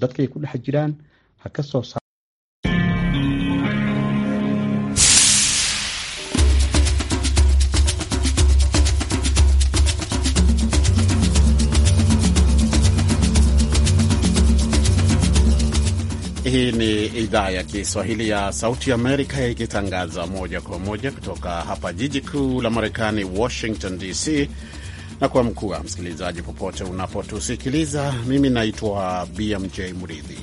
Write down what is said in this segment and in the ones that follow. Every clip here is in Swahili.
dadkay ku dhex jiraan ha ka soo sa Hii ni idhaa ya Kiswahili ya Sauti Amerika ikitangaza moja kwa moja kutoka hapa jiji kuu la Marekani, Washington DC na kwa mkuu msikilizaji, popote unapotusikiliza. Mimi naitwa BMJ Mridhi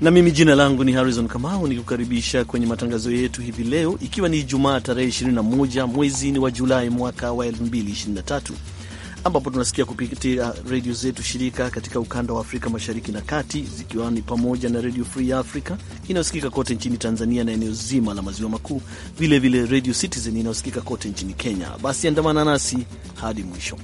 na mimi jina langu ni Harrison Kamau, nikukaribisha kwenye matangazo yetu hivi leo, ikiwa ni Ijumaa tarehe 21 mwezi ni wa Julai mwaka wa 2023 ambapo tunasikia kupitia redio zetu shirika katika ukanda wa Afrika Mashariki na Kati, zikiwa ni pamoja na Redio Free Africa inayosikika kote nchini Tanzania na eneo zima la maziwa makuu, vilevile Redio Citizen inayosikika kote nchini Kenya. Basi andamana nasi hadi mwisho.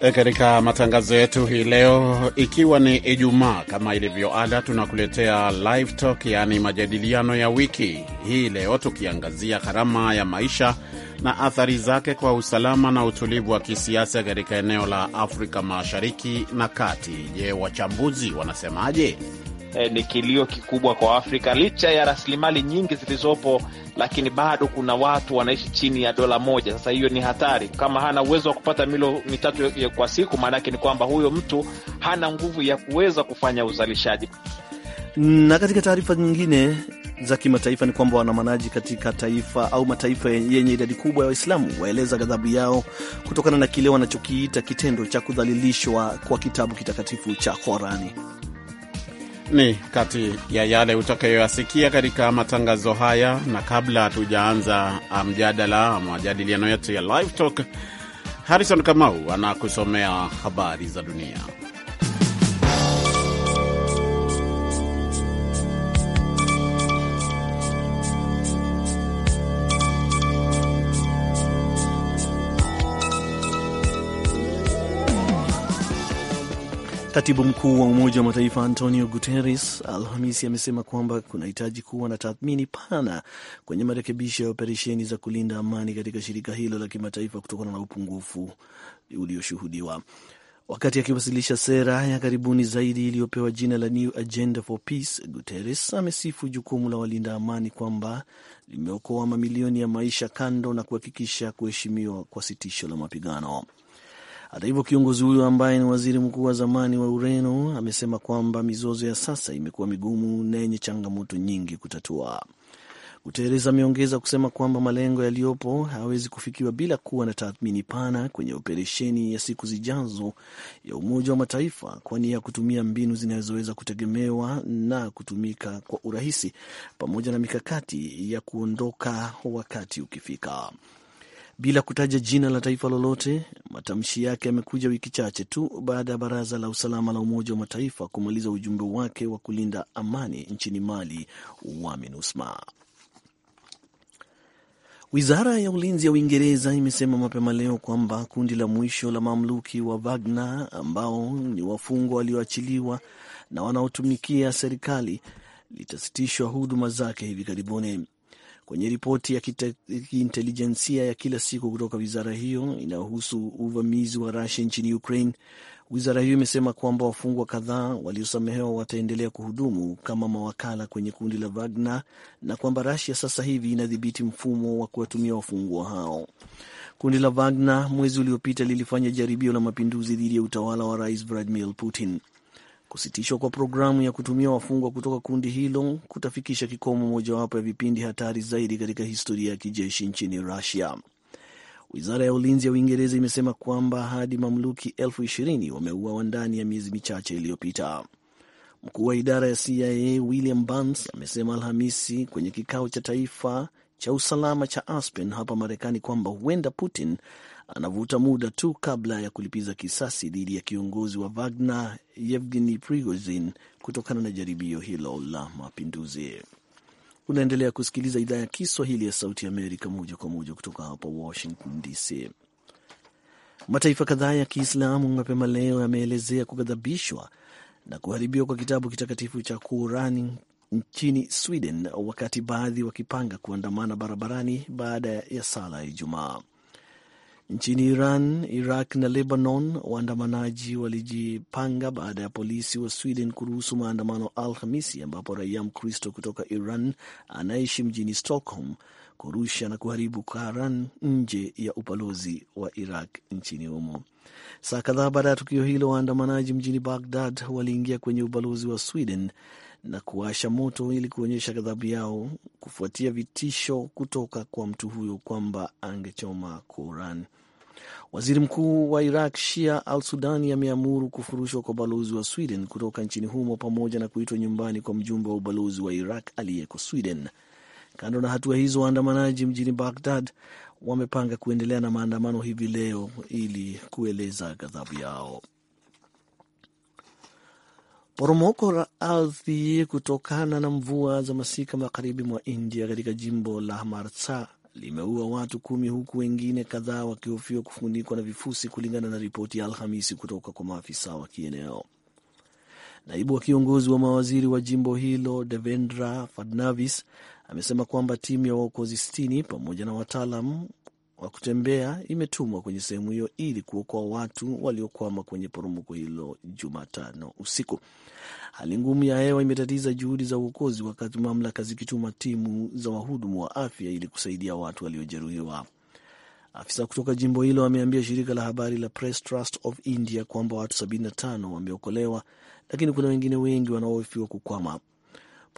katika matangazo yetu hii leo, ikiwa ni Ijumaa kama ilivyo ada, tunakuletea live talk, yaani majadiliano ya wiki hii leo, tukiangazia gharama ya maisha na athari zake kwa usalama na utulivu wa kisiasa katika eneo la Afrika Mashariki na Kati. Je, wachambuzi wanasemaje? eh, ni kilio kikubwa kwa Afrika. Licha ya rasilimali nyingi zilizopo, lakini bado kuna watu wanaishi chini ya dola moja. Sasa hiyo ni hatari. Kama hana uwezo wa kupata milo mitatu kwa siku, maanake ni kwamba huyo mtu hana nguvu ya kuweza kufanya uzalishaji. Na katika taarifa nyingine za kimataifa ni kwamba waandamanaji katika taifa au mataifa yenye idadi kubwa ya Waislamu waeleza ghadhabu yao kutokana na kile wanachokiita kitendo cha kudhalilishwa kwa kitabu kitakatifu cha Korani ni kati ya yale utakayoyasikia katika matangazo haya, na kabla hatujaanza uh, mjadala majadiliano yetu ya Live Talk, Harrison Kamau anakusomea habari za dunia. Katibu mkuu wa Umoja wa Mataifa Antonio Guterres Alhamisi amesema kwamba kunahitaji kuwa na tathmini pana kwenye marekebisho ya operesheni za kulinda amani katika shirika hilo la kimataifa kutokana na upungufu ulioshuhudiwa. Wakati akiwasilisha sera ya karibuni zaidi iliyopewa jina la New Agenda for Peace, Guterres amesifu jukumu la walinda amani kwamba limeokoa mamilioni ya maisha, kando na kuhakikisha kuheshimiwa kwa sitisho la mapigano. Hata hivyo, kiongozi huyo ambaye ni waziri mkuu wa zamani wa Ureno amesema kwamba mizozo ya sasa imekuwa migumu na yenye changamoto nyingi kutatua. Guterres ameongeza kusema kwamba malengo yaliyopo hayawezi kufikiwa bila kuwa na tathmini pana kwenye operesheni ya siku zijazo ya Umoja wa Mataifa kwa nia ya kutumia mbinu zinazoweza kutegemewa na kutumika kwa urahisi pamoja na mikakati ya kuondoka wakati ukifika bila kutaja jina la taifa lolote. Matamshi yake yamekuja wiki chache tu baada ya baraza la usalama la Umoja wa Mataifa kumaliza ujumbe wake wa kulinda amani nchini Mali wa MINUSMA. Wizara ya ulinzi ya Uingereza imesema mapema leo kwamba kundi la mwisho la mamluki wa Wagner ambao ni wafungwa walioachiliwa na wanaotumikia serikali litasitishwa huduma zake hivi karibuni. Kwenye ripoti ya kiintelijensia ya kila siku kutoka wizara hiyo inayohusu uvamizi wa Rusia nchini Ukraine, wizara hiyo imesema kwamba wafungwa kadhaa waliosamehewa wataendelea kuhudumu kama mawakala kwenye kundi la Wagner na kwamba Rusia sasa hivi inadhibiti mfumo wa kuwatumia wafungwa hao. Kundi la Wagner mwezi uliopita lilifanya jaribio la mapinduzi dhidi ya utawala wa Rais Vladimir Putin. Kusitishwa kwa programu ya kutumia wafungwa kutoka kundi hilo kutafikisha kikomo mojawapo ya vipindi hatari zaidi katika historia ya kijeshi nchini Rusia. Wizara ya ulinzi ya Uingereza imesema kwamba hadi mamluki elfu ishirini wameuawa ndani ya miezi michache iliyopita. Mkuu wa idara ya CIA William Burns amesema Alhamisi kwenye kikao cha taifa cha usalama cha Aspen hapa Marekani kwamba huenda Putin anavuta muda tu kabla ya kulipiza kisasi dhidi ya kiongozi wa Wagner Yevgeny Prigozhin kutokana na jaribio hilo la mapinduzi. Unaendelea kusikiliza idhaa ya Kiswahili ya Sauti Amerika moja kwa moja kutoka hapa Washington DC. Mataifa kadhaa ya Kiislamu mapema leo yameelezea kughadhabishwa na kuharibiwa kwa kitabu kitakatifu cha Kurani nchini Sweden, wakati baadhi wakipanga kuandamana barabarani baada ya sala ya Ijumaa. Nchini Iran, Iraq na Lebanon, waandamanaji walijipanga baada ya polisi wa Sweden kuruhusu maandamano Alhamisi, ambapo raia Mkristo kutoka Iran anaishi mjini Stockholm kurusha na kuharibu Quran nje ya ubalozi wa Iraq nchini humo. Saa kadhaa baada ya tukio hilo, waandamanaji mjini Baghdad waliingia kwenye ubalozi wa Sweden na kuwasha moto ili kuonyesha ghadhabu yao kufuatia vitisho kutoka kwa mtu huyo kwamba angechoma Quran. Waziri mkuu wa Iraq Shia al Sudani ameamuru kufurushwa kwa balozi wa Sweden kutoka nchini humo pamoja na kuitwa nyumbani kwa mjumbe wa ubalozi wa Iraq aliyeko Sweden. Kando na hatua hizo, waandamanaji mjini Baghdad wamepanga kuendelea na maandamano hivi leo ili kueleza ghadhabu yao. Poromoko la ardhi kutokana na mvua za masika magharibi mwa India katika jimbo la marsa limeua watu kumi huku wengine kadhaa wakihofiwa kufunikwa na vifusi, kulingana na ripoti ya Alhamisi kutoka kwa maafisa wa kieneo. Naibu wa kiongozi wa mawaziri wa jimbo hilo Devendra Fadnavis amesema kwamba timu ya waokozi sitini pamoja na wataalam wa kutembea imetumwa kwenye sehemu hiyo ili kuokoa watu waliokwama kwenye poromoko hilo Jumatano usiku. Hali ngumu ya hewa imetatiza juhudi za uokozi, wakati mamlaka zikituma timu za wahudumu wa afya ili kusaidia watu waliojeruhiwa. Afisa kutoka jimbo hilo ameambia shirika la habari la Press Trust of India kwamba watu 75 wameokolewa, lakini kuna wengine wengi wanaohofiwa kukwama.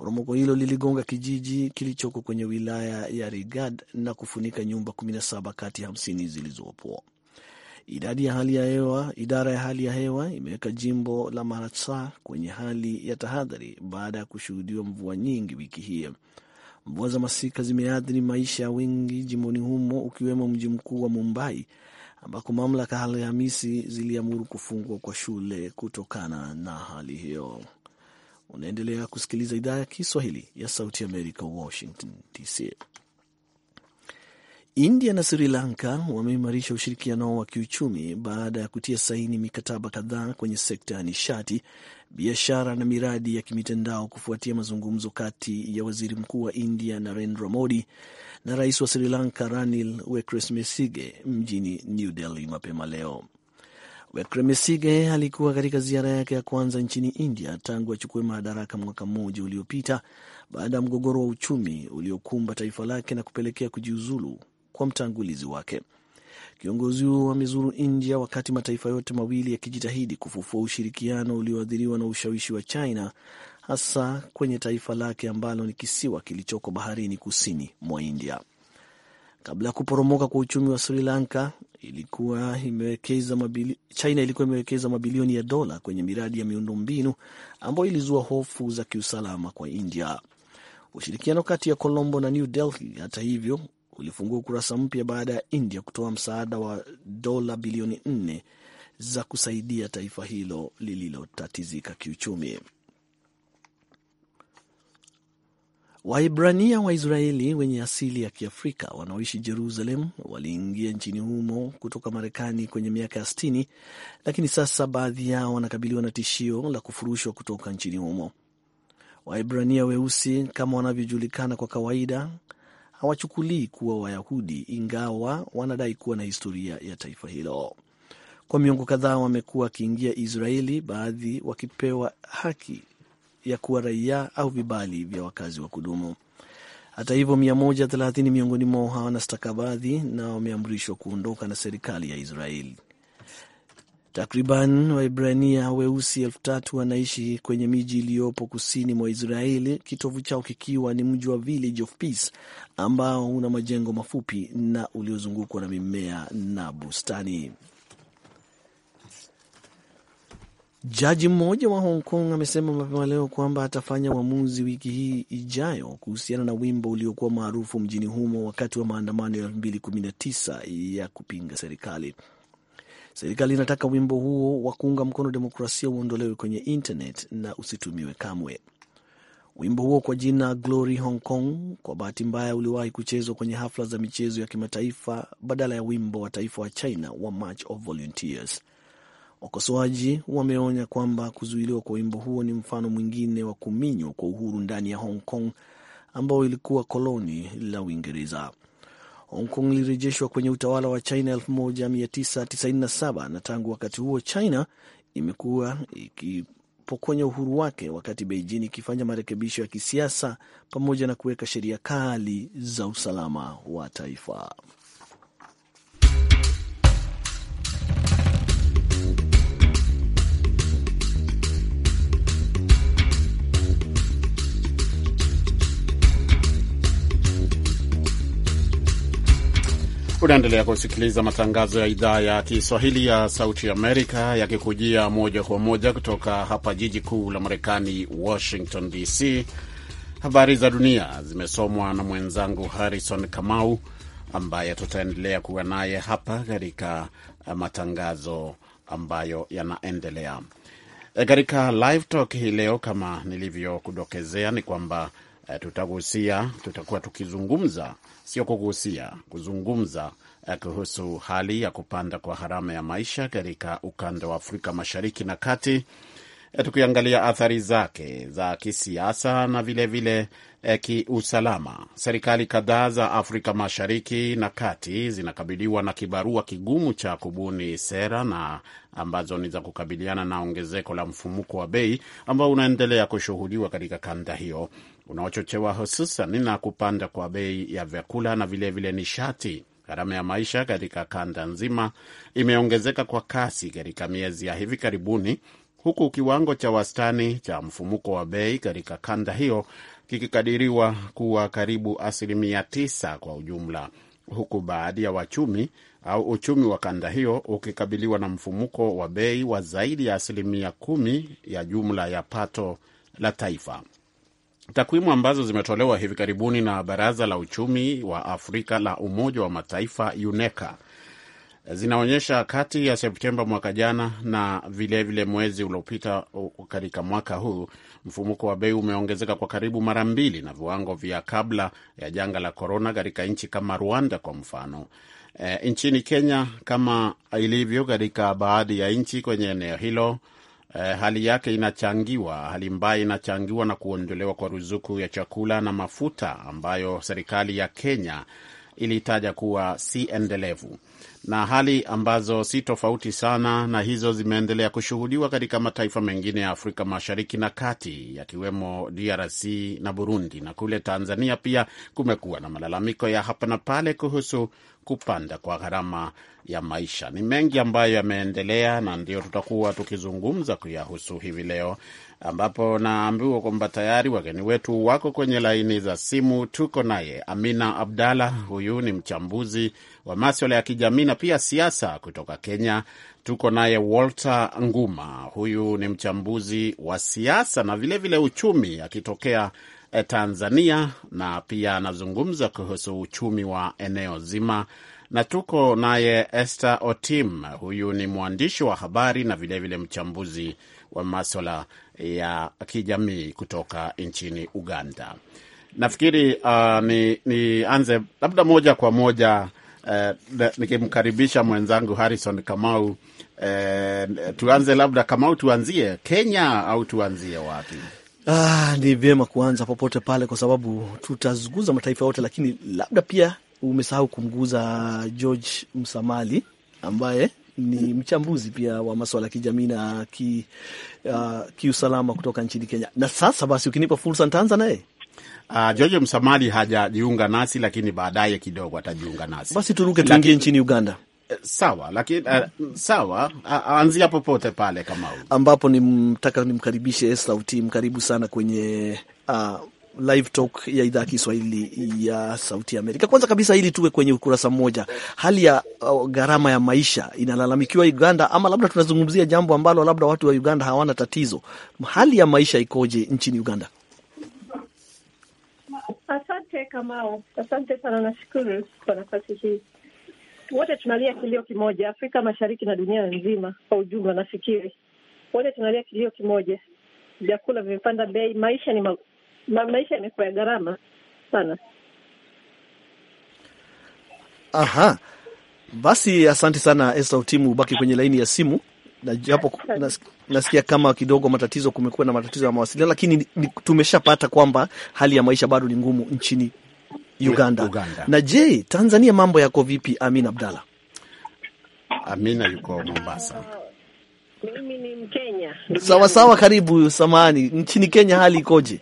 Poromoko hilo liligonga kijiji kilichoko kwenye wilaya ya Rigad na kufunika nyumba 17 kati ya 50 zilizopo. Idadi ya hali ya hewa, idara ya hali ya hewa imeweka jimbo la Maratsa kwenye hali ya tahadhari baada ya kushuhudiwa mvua nyingi wiki hii. Mvua za masika zimeathiri maisha ya wengi jimboni humo, ukiwemo mji mkuu wa Mumbai ambako mamlaka Alhamisi ziliamuru kufungwa kwa shule kutokana na hali hiyo. Unaendelea kusikiliza idhaa ya Kiswahili ya Sauti Amerika, Washington DC. India na Sri Lanka wameimarisha ushirikiano wa kiuchumi baada ya kutia saini mikataba kadhaa kwenye sekta ya nishati, biashara na miradi ya kimitandao kufuatia mazungumzo kati ya waziri mkuu wa India Narendra Modi na rais wa Sri Lanka Ranil Wickremesinghe mjini New Delhi mapema leo. Wekremesige alikuwa katika ziara yake ya kwanza nchini India tangu achukue madaraka mwaka mmoja uliopita baada ya mgogoro wa uchumi uliokumba taifa lake na kupelekea kujiuzulu kwa mtangulizi wake. Kiongozi huo amezuru India wakati mataifa yote mawili yakijitahidi kufufua ushirikiano ulioathiriwa na ushawishi wa China, hasa kwenye taifa lake ambalo ni kisiwa kilichoko baharini kusini mwa India. Kabla ya kuporomoka kwa uchumi wa Sri Lanka, ilikuwa imewekeza mabili... China ilikuwa imewekeza mabilioni ya dola kwenye miradi ya miundombinu ambayo ilizua hofu za kiusalama kwa India. Ushirikiano kati ya Colombo na New Delhi, hata hivyo, ulifungua ukurasa mpya baada ya India kutoa msaada wa dola bilioni nne za kusaidia taifa hilo lililotatizika kiuchumi. Waibrania Waisraeli wenye asili ya Kiafrika wanaoishi Jerusalem waliingia nchini humo kutoka Marekani kwenye miaka ya sitini, lakini sasa baadhi yao wanakabiliwa na tishio la kufurushwa kutoka nchini humo. Waibrania weusi kama wanavyojulikana kwa kawaida hawachukulii kuwa Wayahudi ingawa wanadai kuwa na historia ya taifa hilo. Kwa miongo kadhaa wamekuwa wakiingia Israeli, baadhi wakipewa haki ya kuwa raia au vibali vya wakazi wa kudumu. Hata hivyo, 130 miongoni mwao hawana stakabadhi na wameamrishwa kuondoka na serikali ya Israeli. Takriban Waibrania weusi elfu tatu wanaishi kwenye miji iliyopo kusini mwa Israeli, kitovu chao kikiwa ni mji wa Village of Peace ambao una majengo mafupi na uliozungukwa na mimea na bustani. Jaji mmoja wa Hong Kong amesema mapema leo kwamba atafanya uamuzi wiki hii ijayo kuhusiana na wimbo uliokuwa maarufu mjini humo wakati wa maandamano ya 2019 ya kupinga serikali. Serikali inataka wimbo huo wa kuunga mkono demokrasia uondolewe kwenye internet na usitumiwe kamwe. Wimbo huo kwa jina Glory Hong Kong kwa bahati mbaya uliwahi kuchezwa kwenye hafla za michezo ya kimataifa badala ya wimbo wa taifa wa China wa March of Volunteers. Wakosoaji wameonya kwamba kuzuiliwa kwa wimbo huo ni mfano mwingine wa kuminywa kwa uhuru ndani ya Hong Kong ambao ilikuwa koloni la Uingereza. Hong Kong ilirejeshwa kwenye utawala wa China 1997 na tangu wakati huo China imekuwa ikipokonya uhuru wake, wakati Beijing ikifanya marekebisho ya kisiasa pamoja na kuweka sheria kali za usalama wa taifa. Unaendelea kusikiliza matangazo ya idhaa ya Kiswahili ya Sauti Amerika yakikujia moja kwa moja kutoka hapa jiji kuu la Marekani, Washington DC. Habari za dunia zimesomwa na mwenzangu Harrison Kamau, ambaye tutaendelea kuwa naye hapa katika matangazo ambayo yanaendelea. E, katika live talk hii leo, kama nilivyokudokezea, ni kwamba e, tutagusia, tutakuwa tukizungumza sio kugusia, kuzungumza eh, kuhusu hali ya kupanda kwa gharama ya maisha katika ukanda wa Afrika Mashariki na Kati, eh, tukiangalia athari zake za kisiasa na vilevile eh, kiusalama. Serikali kadhaa za Afrika Mashariki na Kati zinakabiliwa na kibarua kigumu cha kubuni sera na ambazo ni za kukabiliana na ongezeko la mfumuko wa bei ambao unaendelea kushuhudiwa katika kanda hiyo, unaochochewa hususan na kupanda kwa bei ya vyakula na vilevile vile nishati. Gharama ya maisha katika kanda nzima imeongezeka kwa kasi katika miezi ya hivi karibuni, huku kiwango cha wastani cha mfumuko wa bei katika kanda hiyo kikikadiriwa kuwa karibu asilimia tisa kwa ujumla, huku baadhi ya wachumi au uchumi wa kanda hiyo ukikabiliwa na mfumuko wa bei wa zaidi ya asilimia kumi ya jumla ya pato la taifa. Takwimu ambazo zimetolewa hivi karibuni na Baraza la Uchumi wa Afrika la Umoja wa Mataifa UNECA zinaonyesha kati ya Septemba mwaka jana na vilevile vile mwezi uliopita katika mwaka huu, mfumuko wa bei umeongezeka kwa karibu mara mbili na viwango vya kabla ya janga la korona katika nchi kama Rwanda kwa mfano. E, nchini Kenya kama ilivyo katika baadhi ya nchi kwenye eneo hilo eh, hali yake inachangiwa, hali mbaya inachangiwa na kuondolewa kwa ruzuku ya chakula na mafuta ambayo serikali ya Kenya ilitaja kuwa si endelevu na hali ambazo si tofauti sana na hizo zimeendelea kushuhudiwa katika mataifa mengine ya Afrika Mashariki na Kati, yakiwemo DRC na Burundi. Na kule Tanzania pia kumekuwa na malalamiko ya hapa na pale kuhusu kupanda kwa gharama ya maisha. Ni mengi ambayo yameendelea na ndio tutakuwa tukizungumza kuyahusu hivi leo, ambapo naambiwa kwamba tayari wageni wetu wako kwenye laini za simu. Tuko naye Amina Abdalla, huyu ni mchambuzi wa maswala ya kijamii na pia siasa kutoka Kenya. Tuko naye Walter Nguma, huyu ni mchambuzi wa siasa na vilevile vile uchumi akitokea eh, Tanzania, na pia anazungumza kuhusu uchumi wa eneo zima na tuko naye Esther Otim. Huyu ni mwandishi wa habari na vilevile vile mchambuzi wa maswala ya kijamii kutoka nchini Uganda. Nafikiri uh, nianze ni labda moja kwa moja uh, nikimkaribisha mwenzangu Harrison Kamau. Uh, tuanze labda Kamau, tuanzie Kenya au tuanzie wapi? Ah, ni vyema kuanza popote pale, kwa sababu tutazunguza mataifa yote, lakini labda pia umesahau kumguza George Msamali ambaye ni mchambuzi pia wa maswala ya kijamii na ki, uh, kiusalama kutoka nchini Kenya. Na sasa basi, ukinipa fursa nitaanza naye. Uh, George Msamali hajajiunga nasi, lakini baadaye kidogo atajiunga nasi. Basi turuke tuingie Laki... nchini Uganda. Eh, sawa, lakini uh, sawa, aanzia popote pale kama ambapo nimtaka nimkaribishe Sauti, sana kwenye uh, live talk ya idhaa ya Kiswahili ya Sauti ya Amerika. Kwanza kabisa, ili tuwe kwenye ukurasa mmoja, hali ya uh, gharama ya maisha inalalamikiwa Uganda, ama labda tunazungumzia jambo ambalo labda watu wa Uganda hawana tatizo. Hali ya maisha ikoje nchini Uganda? Asante Kamao, asante sana, nashukuru kwa nafasi hii. Wote tunalia kilio kimoja, Afrika Mashariki na dunia nzima kwa ujumla. Nafikiri wote tunalia kilio kimoja, vyakula vimepanda bei, maisha ni maisha yamekuwa ya gharama sana. Aha, basi asante sana Esta Utimu, ubaki kwenye laini ya simu na japo nasikia kama kidogo matatizo, kumekuwa na matatizo ya mawasiliano, lakini tumeshapata kwamba hali ya maisha bado ni ngumu nchini Uganda. Uganda. Na je, Tanzania mambo yako vipi? Amina Abdalla. Amina yuko Mombasa. Mimi ni Mkenya. Sawa sawa, karibu. Samahani, nchini Kenya hali ikoje?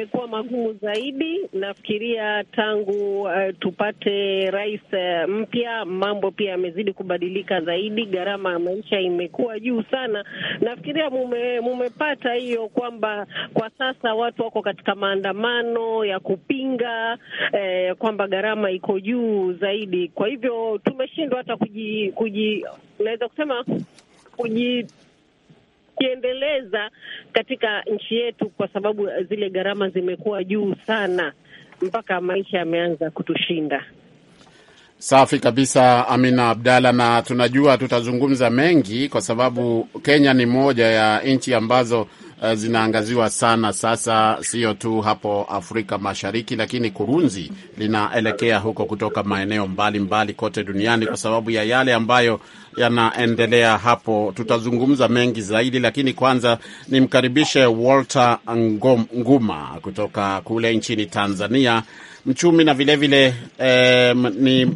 yamekuwa magumu zaidi. Nafikiria tangu uh, tupate rais uh, mpya, mambo pia yamezidi kubadilika zaidi. Gharama ya maisha imekuwa juu sana. Nafikiria mume, mumepata hiyo kwamba kwa sasa watu wako katika maandamano ya kupinga eh, kwamba gharama iko juu zaidi. Kwa hivyo tumeshindwa hata kuji, kuji naweza kusema kuji kukiendeleza katika nchi yetu, kwa sababu zile gharama zimekuwa juu sana mpaka maisha yameanza kutushinda. Safi kabisa, Amina Abdalla, na tunajua tutazungumza mengi kwa sababu Kenya ni moja ya nchi ambazo uh, zinaangaziwa sana sasa, sio tu hapo Afrika Mashariki, lakini kurunzi linaelekea huko kutoka maeneo mbalimbali mbali kote duniani kwa sababu ya yale ambayo yanaendelea hapo. Tutazungumza mengi zaidi, lakini kwanza nimkaribishe Walter Ngom, Nguma kutoka kule nchini Tanzania, mchumi na vilevile eh, ni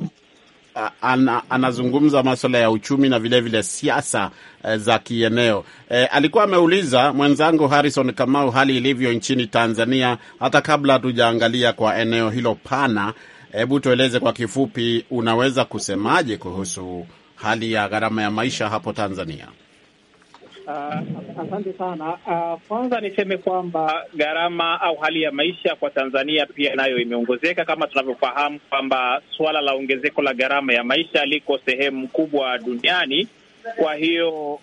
ana, anazungumza masuala ya uchumi na vilevile siasa eh, za kieneo eh, alikuwa ameuliza mwenzangu Harrison Kamau hali ilivyo nchini Tanzania, hata kabla hatujaangalia kwa eneo hilo pana. Hebu tueleze kwa kifupi, unaweza kusemaje kuhusu hali ya gharama ya maisha hapo Tanzania? Uh, asante sana. Uh, kwanza niseme kwamba gharama au hali ya maisha kwa Tanzania pia nayo imeongezeka kama tunavyofahamu kwamba suala la ongezeko la gharama ya maisha liko sehemu kubwa duniani. Kwa hiyo uh,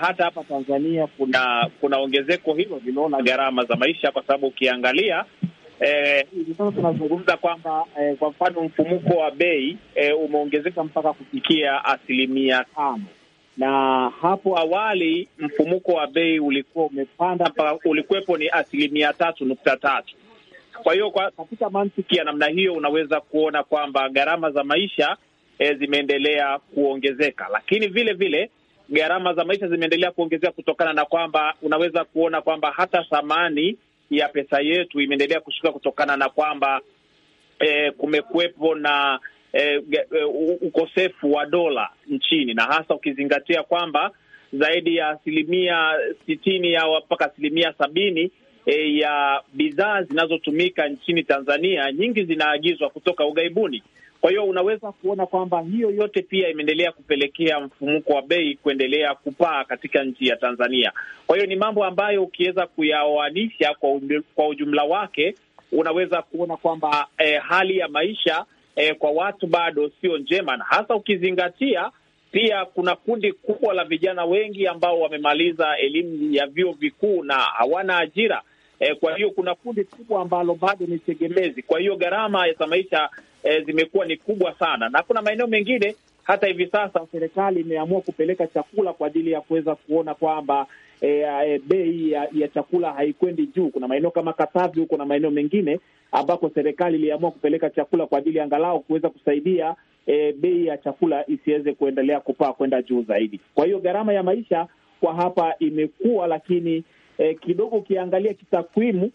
hata hapa Tanzania kuna kuna ongezeko hilo hilo gharama za maisha, kwa sababu ukiangalia Eh, hivi sasa tunazungumza kwamba eh, kwa mfano mfumuko wa bei eh, umeongezeka mpaka kufikia asilimia tano na hapo awali mfumuko wa bei ulikuwa umepanda mpaka ulikuwepo ni asilimia tatu nukta tatu. Kwa hiyo kwa katika mantiki ya namna hiyo unaweza kuona kwamba gharama za maisha e, zimeendelea kuongezeka, lakini vile vile gharama za maisha zimeendelea kuongezeka kutokana na kwamba unaweza kuona kwamba hata thamani ya pesa yetu imeendelea kushuka kutokana na kwamba eh, kumekuwepo na eh, eh, ukosefu wa dola nchini, na hasa ukizingatia kwamba zaidi ya asilimia sitini au mpaka asilimia sabini e, ya bidhaa zinazotumika nchini Tanzania nyingi zinaagizwa kutoka ughaibuni. Kwa hiyo unaweza kuona kwamba hiyo yote pia imeendelea kupelekea mfumuko wa bei kuendelea kupaa katika nchi ya Tanzania. Kwa hiyo ni mambo ambayo ukiweza kuyaoanisha kwa, kwa ujumla wake unaweza kuona kwamba eh, hali ya maisha eh, kwa watu bado sio njema, na hasa ukizingatia pia kuna kundi kubwa la vijana wengi ambao wamemaliza elimu ya vyuo vikuu na hawana ajira. E, kwa hiyo kuna kundi kubwa ambalo bado ni tegemezi. Kwa hiyo gharama za maisha e, zimekuwa ni kubwa sana, na kuna maeneo mengine hata hivi sasa serikali imeamua kupeleka chakula kwa ajili ya kuweza kuona kwamba e, e, bei ya, ya chakula haikwendi juu. Kuna maeneo kama Katavi huko na maeneo mengine ambapo serikali iliamua kupeleka chakula kwa ajili ya angalau kuweza kusaidia e, bei ya chakula isiweze kuendelea kupaa kwenda juu zaidi. Kwa hiyo gharama ya maisha kwa hapa imekuwa, lakini e, kidogo ukiangalia kitakwimu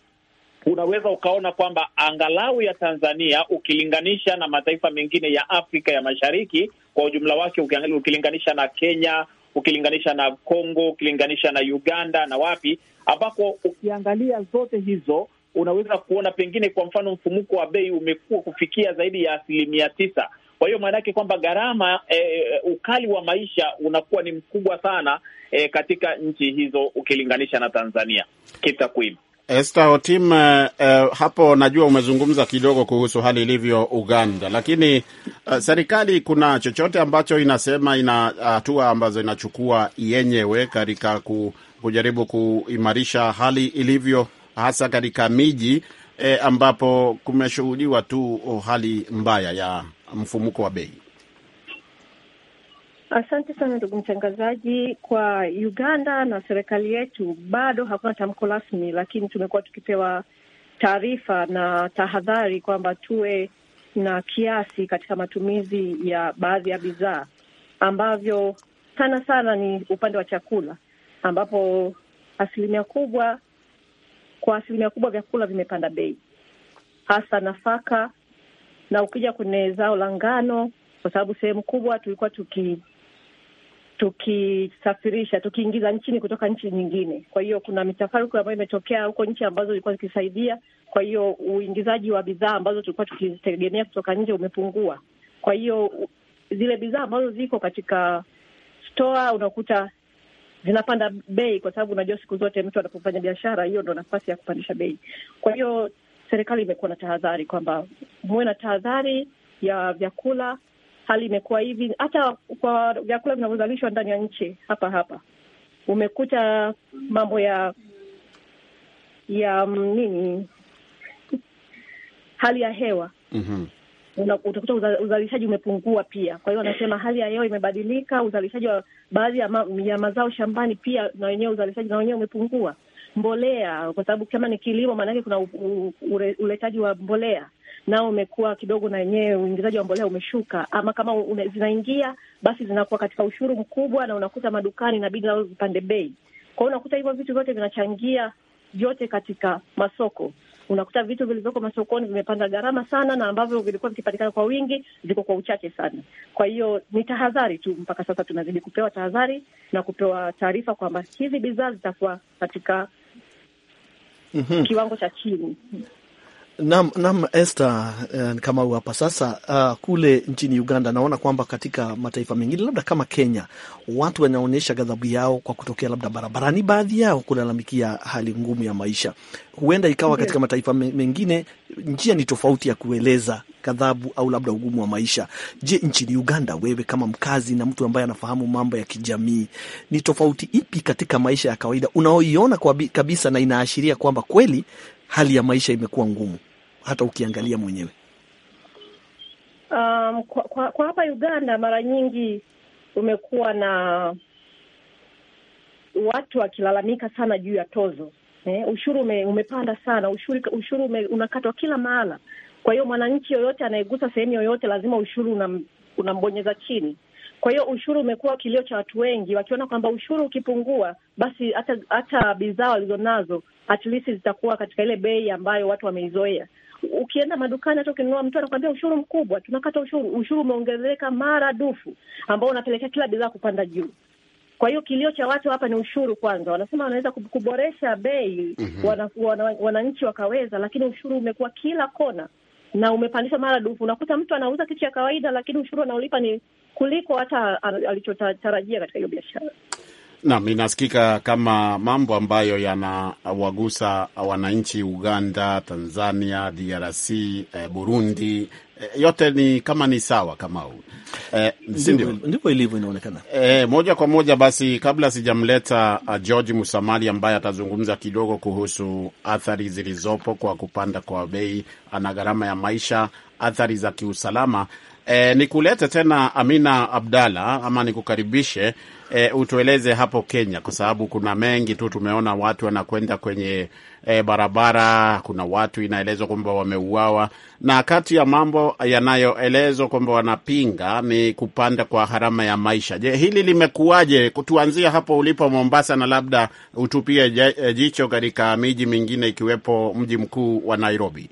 unaweza ukaona kwamba angalau ya Tanzania ukilinganisha na mataifa mengine ya Afrika ya Mashariki kwa ujumla wake, ukilinganisha na Kenya, ukilinganisha na Kongo, ukilinganisha na Uganda na wapi ambako ukiangalia zote hizo unaweza kuona pengine, kwa mfano, mfumuko wa bei umekuwa kufikia zaidi ya asilimia tisa. Kwa hiyo maana yake kwamba gharama e, ukali wa maisha unakuwa ni mkubwa sana e, katika nchi hizo ukilinganisha na Tanzania kitakwimu. Esther Otim, eh, eh, hapo najua umezungumza kidogo kuhusu hali ilivyo Uganda, lakini eh, serikali kuna chochote ambacho inasema ina eh, hatua ambazo inachukua yenyewe katika ku, kujaribu kuimarisha hali ilivyo hasa katika miji eh, ambapo kumeshuhudiwa tu oh, hali mbaya ya mfumuko wa bei? Asante sana ndugu mtangazaji. Kwa Uganda na serikali yetu bado hakuna tamko rasmi, lakini tumekuwa tukipewa taarifa na tahadhari kwamba tuwe na kiasi katika matumizi ya baadhi ya bidhaa ambavyo sana sana ni upande wa chakula, ambapo asilimia kubwa, kwa asilimia kubwa vyakula vimepanda bei, hasa nafaka, na ukija kwenye zao la ngano, kwa sababu sehemu kubwa tulikuwa tuki tukisafirisha tukiingiza nchini kutoka nchi nyingine. Kwa hiyo kuna mitafaruku ambayo imetokea huko nchi ambazo zilikuwa zikisaidia. Kwa hiyo uingizaji wa bidhaa ambazo tulikuwa tukizitegemea kutoka nje umepungua. Kwa hiyo zile bidhaa ambazo ziko katika stoa unakuta zinapanda bei, kwa sababu unajua siku zote mtu anapofanya biashara hiyo ndo nafasi ya kupandisha bei. Kwa hiyo serikali imekuwa na tahadhari kwamba muwe na tahadhari ya vyakula hali imekuwa hivi, hata kwa vyakula vinavyozalishwa ndani ya nchi hapa hapa umekuta mambo ya ya mm, nini, hali ya hewa mm-hmm. utakuta uzalishaji umepungua pia. Kwa hiyo wanasema hali ya hewa imebadilika, uzalishaji wa baadhi ya, ma, ya mazao shambani pia na wenyewe uzalishaji na wenyewe umepungua mbolea, kwa sababu kama ni kilimo, maanake kuna u, u, ure, uletaji wa mbolea nao umekuwa kidogo, na wenyewe uingizaji wa mbolea umeshuka, ama kama une, zinaingia basi zinakuwa katika ushuru mkubwa, na unakuta madukani inabidi nao zipande bei. Kwa hiyo unakuta hivyo vitu vyote vinachangia vyote katika masoko unakuta vitu vilivyoko masokoni vimepanda gharama sana, na ambavyo vilikuwa vikipatikana kwa wingi viko kwa uchache sana. Kwa hiyo ni tahadhari tu, mpaka sasa tunazidi kupewa tahadhari na kupewa taarifa kwamba hizi bidhaa zitakuwa katika mm -hmm. kiwango cha chini Nam, nam Esther, eh, Kamau hapa sasa. Uh, kule nchini Uganda naona kwamba katika mataifa mengine labda kama Kenya watu wanaonyesha ghadhabu yao kwa kutokea labda barabarani, baadhi yao kulalamikia hali ngumu ya maisha. Huenda ikawa katika mataifa mengine njia ni tofauti ya kueleza kadhabu au labda ugumu wa maisha. Je, nchini Uganda, wewe kama mkazi na mtu ambaye anafahamu mambo ya kijamii, ni tofauti ipi katika maisha ya kawaida unaoiona kabisa na inaashiria kwamba kweli hali ya maisha imekuwa ngumu hata ukiangalia mwenyewe? Um, kwa, kwa, kwa hapa Uganda mara nyingi umekuwa na watu wakilalamika sana juu ya tozo eh, ushuru ume, umepanda sana ushuru, ushuru ume, unakatwa kila mahala, kwa hiyo mwananchi yoyote anayegusa sehemu yoyote lazima ushuru unam, unambonyeza chini. Kwa hiyo ushuru umekuwa kilio cha watu wengi, wakiona kwamba ushuru ukipungua, basi hata hata bidhaa walizonazo at least zitakuwa katika ile bei ambayo watu wameizoea. Ukienda madukani hata ukinunua, mtu anakuambia ushuru mkubwa, tunakata ushuru. Ushuru umeongezeka mara dufu, ambao unapelekea kila bidhaa kupanda juu. Kwa hiyo kilio cha watu hapa ni ushuru kwanza. Wanasema wanaweza kuboresha bei, mm -hmm. wananchi wana, wana wakaweza, lakini ushuru umekuwa kila kona na umepandisha maradufu. Unakuta mtu anauza kitu cha kawaida, lakini ushuru anaolipa ni kuliko hata alichotarajia katika hiyo biashara. Nam, inasikika kama mambo ambayo yanawagusa wananchi Uganda, Tanzania, DRC, eh, Burundi eh, yote ni kama ni sawa kama huu eh, ndivyo ilivyo inaonekana. Eh, moja kwa moja basi, kabla sijamleta georgi ah, George Musamali ambaye atazungumza kidogo kuhusu athari zilizopo kwa kupanda kwa bei na gharama ya maisha, athari za kiusalama eh, nikulete tena Amina Abdalla ama nikukaribishe e, utueleze hapo Kenya, kwa sababu kuna mengi tu tumeona, watu wanakwenda kwenye e, barabara, kuna watu inaelezwa kwamba wameuawa, na kati ya mambo yanayoelezwa kwamba wanapinga ni kupanda kwa gharama ya maisha. Je, hili limekuwaje? Tuanzie hapo ulipo Mombasa, na labda utupie eh, jicho katika miji mingine ikiwepo mji mkuu wa Nairobi.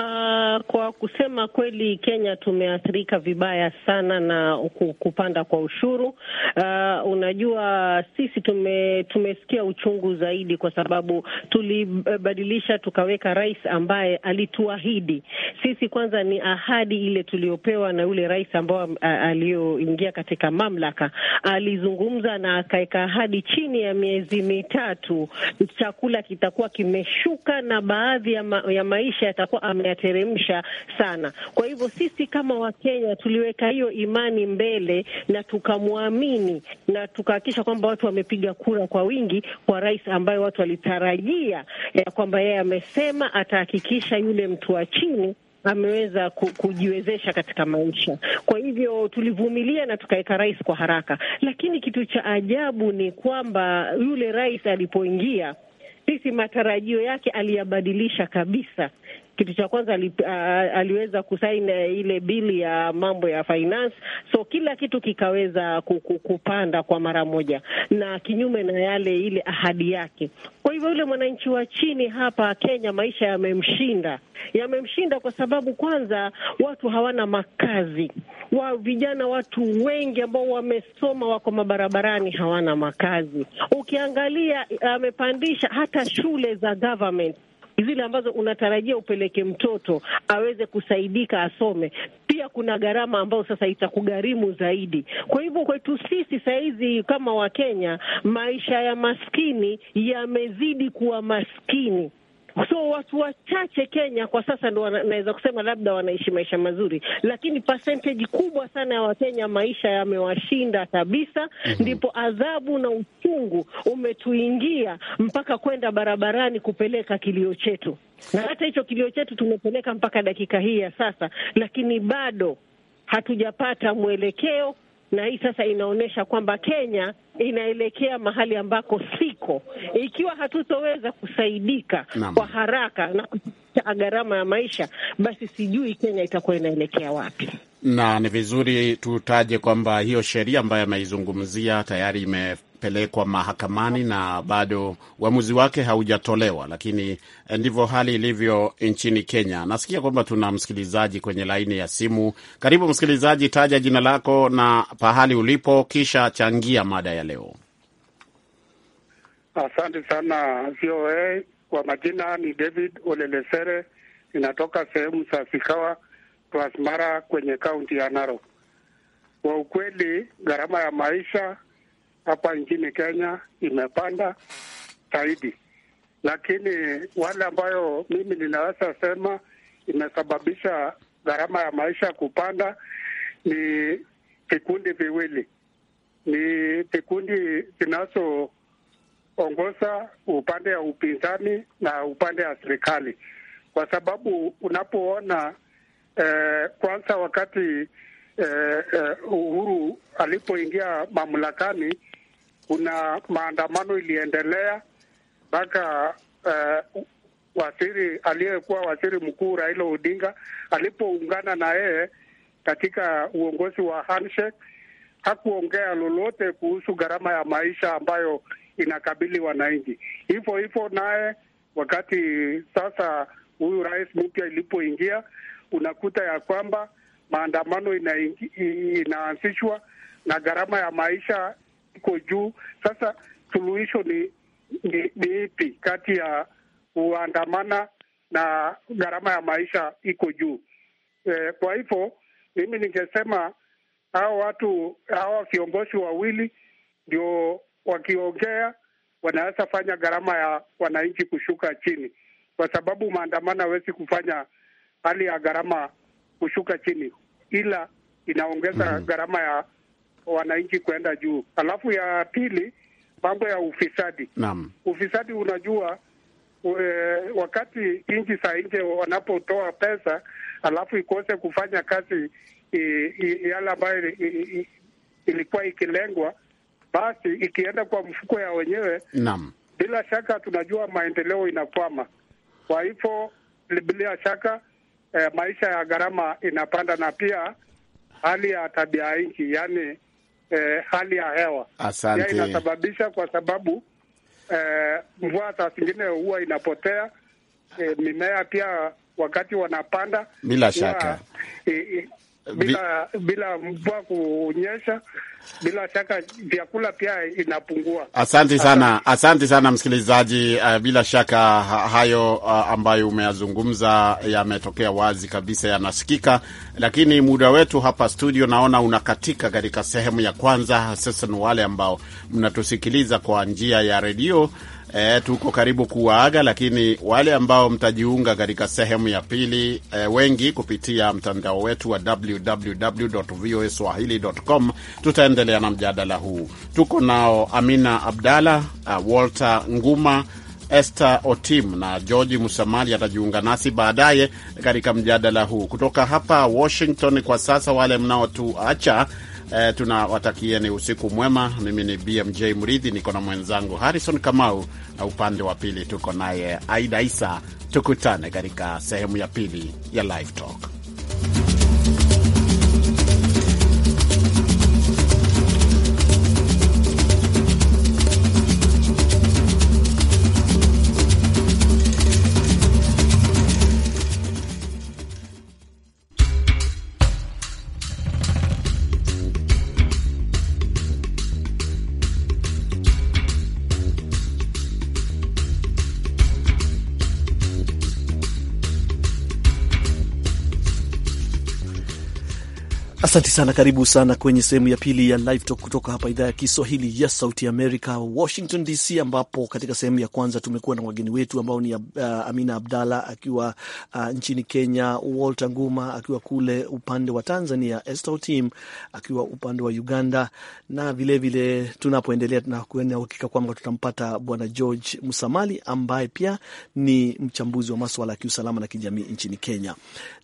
Uh, Uh, kwa kusema kweli Kenya tumeathirika vibaya sana na kupanda kwa ushuru. Uh, unajua sisi tume, tumesikia uchungu zaidi kwa sababu tulibadilisha tukaweka rais ambaye alituahidi sisi. Kwanza ni ahadi ile tuliyopewa na yule rais ambao uh, aliyoingia katika mamlaka, alizungumza na akaweka ahadi, chini ya miezi mitatu chakula kitakuwa kimeshuka na baadhi ya, ma, ya maisha yatakuwa ameathirika kuteremsha sana. Kwa hivyo sisi kama Wakenya tuliweka hiyo imani mbele na tukamwamini na tukahakikisha kwamba watu wamepiga kura kwa wingi kwa rais ambayo watu walitarajia ya kwamba yeye amesema atahakikisha yule mtu wa chini ameweza kujiwezesha katika maisha. Kwa hivyo tulivumilia na tukaweka rais kwa haraka, lakini kitu cha ajabu ni kwamba yule rais alipoingia, sisi matarajio yake aliyabadilisha kabisa kitu cha kwanza ali, uh, aliweza kusaini eh, ile bili ya mambo ya finance, so kila kitu kikaweza kupanda kwa mara moja, na kinyume na yale ile ahadi yake. Kwa hivyo yule mwananchi wa chini hapa Kenya maisha yamemshinda, yamemshinda kwa sababu kwanza watu hawana makazi wa vijana, watu wengi ambao wamesoma wako mabarabarani, hawana makazi. Ukiangalia amepandisha hata shule za government zile ambazo unatarajia upeleke mtoto aweze kusaidika asome, pia kuna gharama ambayo sasa itakugharimu zaidi. Kwa hivyo kwetu sisi sahizi kama Wakenya, maisha ya maskini yamezidi kuwa maskini. So watu wachache Kenya kwa sasa ndo wanaweza kusema labda wanaishi maisha mazuri, lakini percentage kubwa sana ya Wakenya maisha yamewashinda kabisa. mm -hmm. Ndipo adhabu na uchungu umetuingia mpaka kwenda barabarani kupeleka kilio chetu, na hata hicho kilio chetu tumepeleka mpaka dakika hii ya sasa, lakini bado hatujapata mwelekeo na hii sasa inaonyesha kwamba Kenya inaelekea mahali ambako siko, ikiwa hatutoweza kusaidika Nama. kwa haraka na kupitisha gharama ya maisha, basi sijui Kenya itakuwa inaelekea wapi na ni vizuri tutaje kwamba hiyo sheria ambayo ameizungumzia tayari imepelekwa mahakamani na bado uamuzi wake haujatolewa, lakini eh, ndivyo hali ilivyo nchini Kenya. Nasikia kwamba tuna msikilizaji kwenye laini ya simu. Karibu msikilizaji, taja jina lako na pahali ulipo, kisha changia mada ya leo. Asante sana VOA. Kwa majina ni David Olelesere, inatoka sehemu za Sikawa Transmara kwenye kaunti ya Narok. Kwa ukweli, gharama ya maisha hapa nchini Kenya imepanda zaidi, lakini wale ambayo mimi ninaweza sema imesababisha gharama ya maisha kupanda ni vikundi viwili, ni vikundi zinazoongoza upande wa upinzani na upande wa serikali, kwa sababu unapoona eh, kwanza wakati eh, eh, Uhuru alipoingia mamlakani, kuna maandamano iliendelea mpaka eh, waziri aliyekuwa waziri mkuu Raila Odinga alipoungana na yeye katika uongozi wa handshake, hakuongea lolote kuhusu gharama ya maisha ambayo inakabili wananchi. Hivyo hivyo naye wakati sasa huyu rais mpya ilipoingia unakuta ya kwamba maandamano inaanzishwa na gharama ya maisha iko juu. Sasa suluhisho ni, ni, ni ipi kati ya kuandamana na gharama ya maisha iko juu? E, kwa hivyo mimi ningesema hao watu hawa viongozi wawili ndio wakiongea wanaweza fanya gharama ya wananchi kushuka chini, kwa sababu maandamano hawezi kufanya hali ya gharama kushuka chini, ila inaongeza mm -hmm. gharama ya wananchi kwenda juu. Alafu ya pili, mambo ya ufisadi. Naam. Ufisadi unajua e, wakati nchi za nje wanapotoa pesa alafu ikose kufanya kazi yale ambayo ilikuwa ikilengwa, basi ikienda kwa mfuko ya wenyewe, naam, bila shaka tunajua maendeleo inakwama. Kwa hivyo bila shaka eh, maisha ya gharama inapanda na pia hali ya tabia nchi, yaani eh, hali ya hewa ya inasababisha, kwa sababu eh, mvua saa zingine huwa inapotea eh, mimea pia wakati wanapanda bila shaka ya, i, i, bila bila mvua kunyesha, bila shaka vyakula pia inapungua. Asante sana, asante sana msikilizaji. Uh, bila shaka hayo uh, ambayo umeyazungumza yametokea wazi kabisa, yanasikika, lakini muda wetu hapa studio naona unakatika katika sehemu ya kwanza, hususan wale ambao mnatusikiliza kwa njia ya redio E, tuko karibu kuwaaga, lakini wale ambao mtajiunga katika sehemu ya pili e, wengi kupitia mtandao wetu wa www.voaswahili.com, tutaendelea na mjadala huu. Tuko nao Amina Abdalla, eh, Walter Nguma, Esther Otim na George Musamali atajiunga nasi baadaye katika mjadala huu kutoka hapa Washington. Kwa sasa wale mnaotuacha eh, tunawatakieni usiku mwema. Mimi ni BMJ Mridhi, niko na mwenzangu Harrison Kamau na upande wa pili tuko naye Aida Isa. Tukutane katika sehemu ya pili ya Live Talk. Asante sana, karibu sana kwenye sehemu ya pili ya Live Talk kutoka hapa idhaa ya Kiswahili ya Sauti Amerika, Washington DC, ambapo katika sehemu ya kwanza tumekuwa na wageni wetu ambao ni uh, Amina Abdalla akiwa uh, nchini Kenya, Walter Nguma akiwa kule upande wa Tanzania, Esther Otim akiwa upande wa Uganda, na vilevile tunapoendelea na tunakuena uhakika kwamba tutampata Bwana George Musamali ambaye pia ni mchambuzi wa maswala ya kiusalama na kijamii nchini Kenya.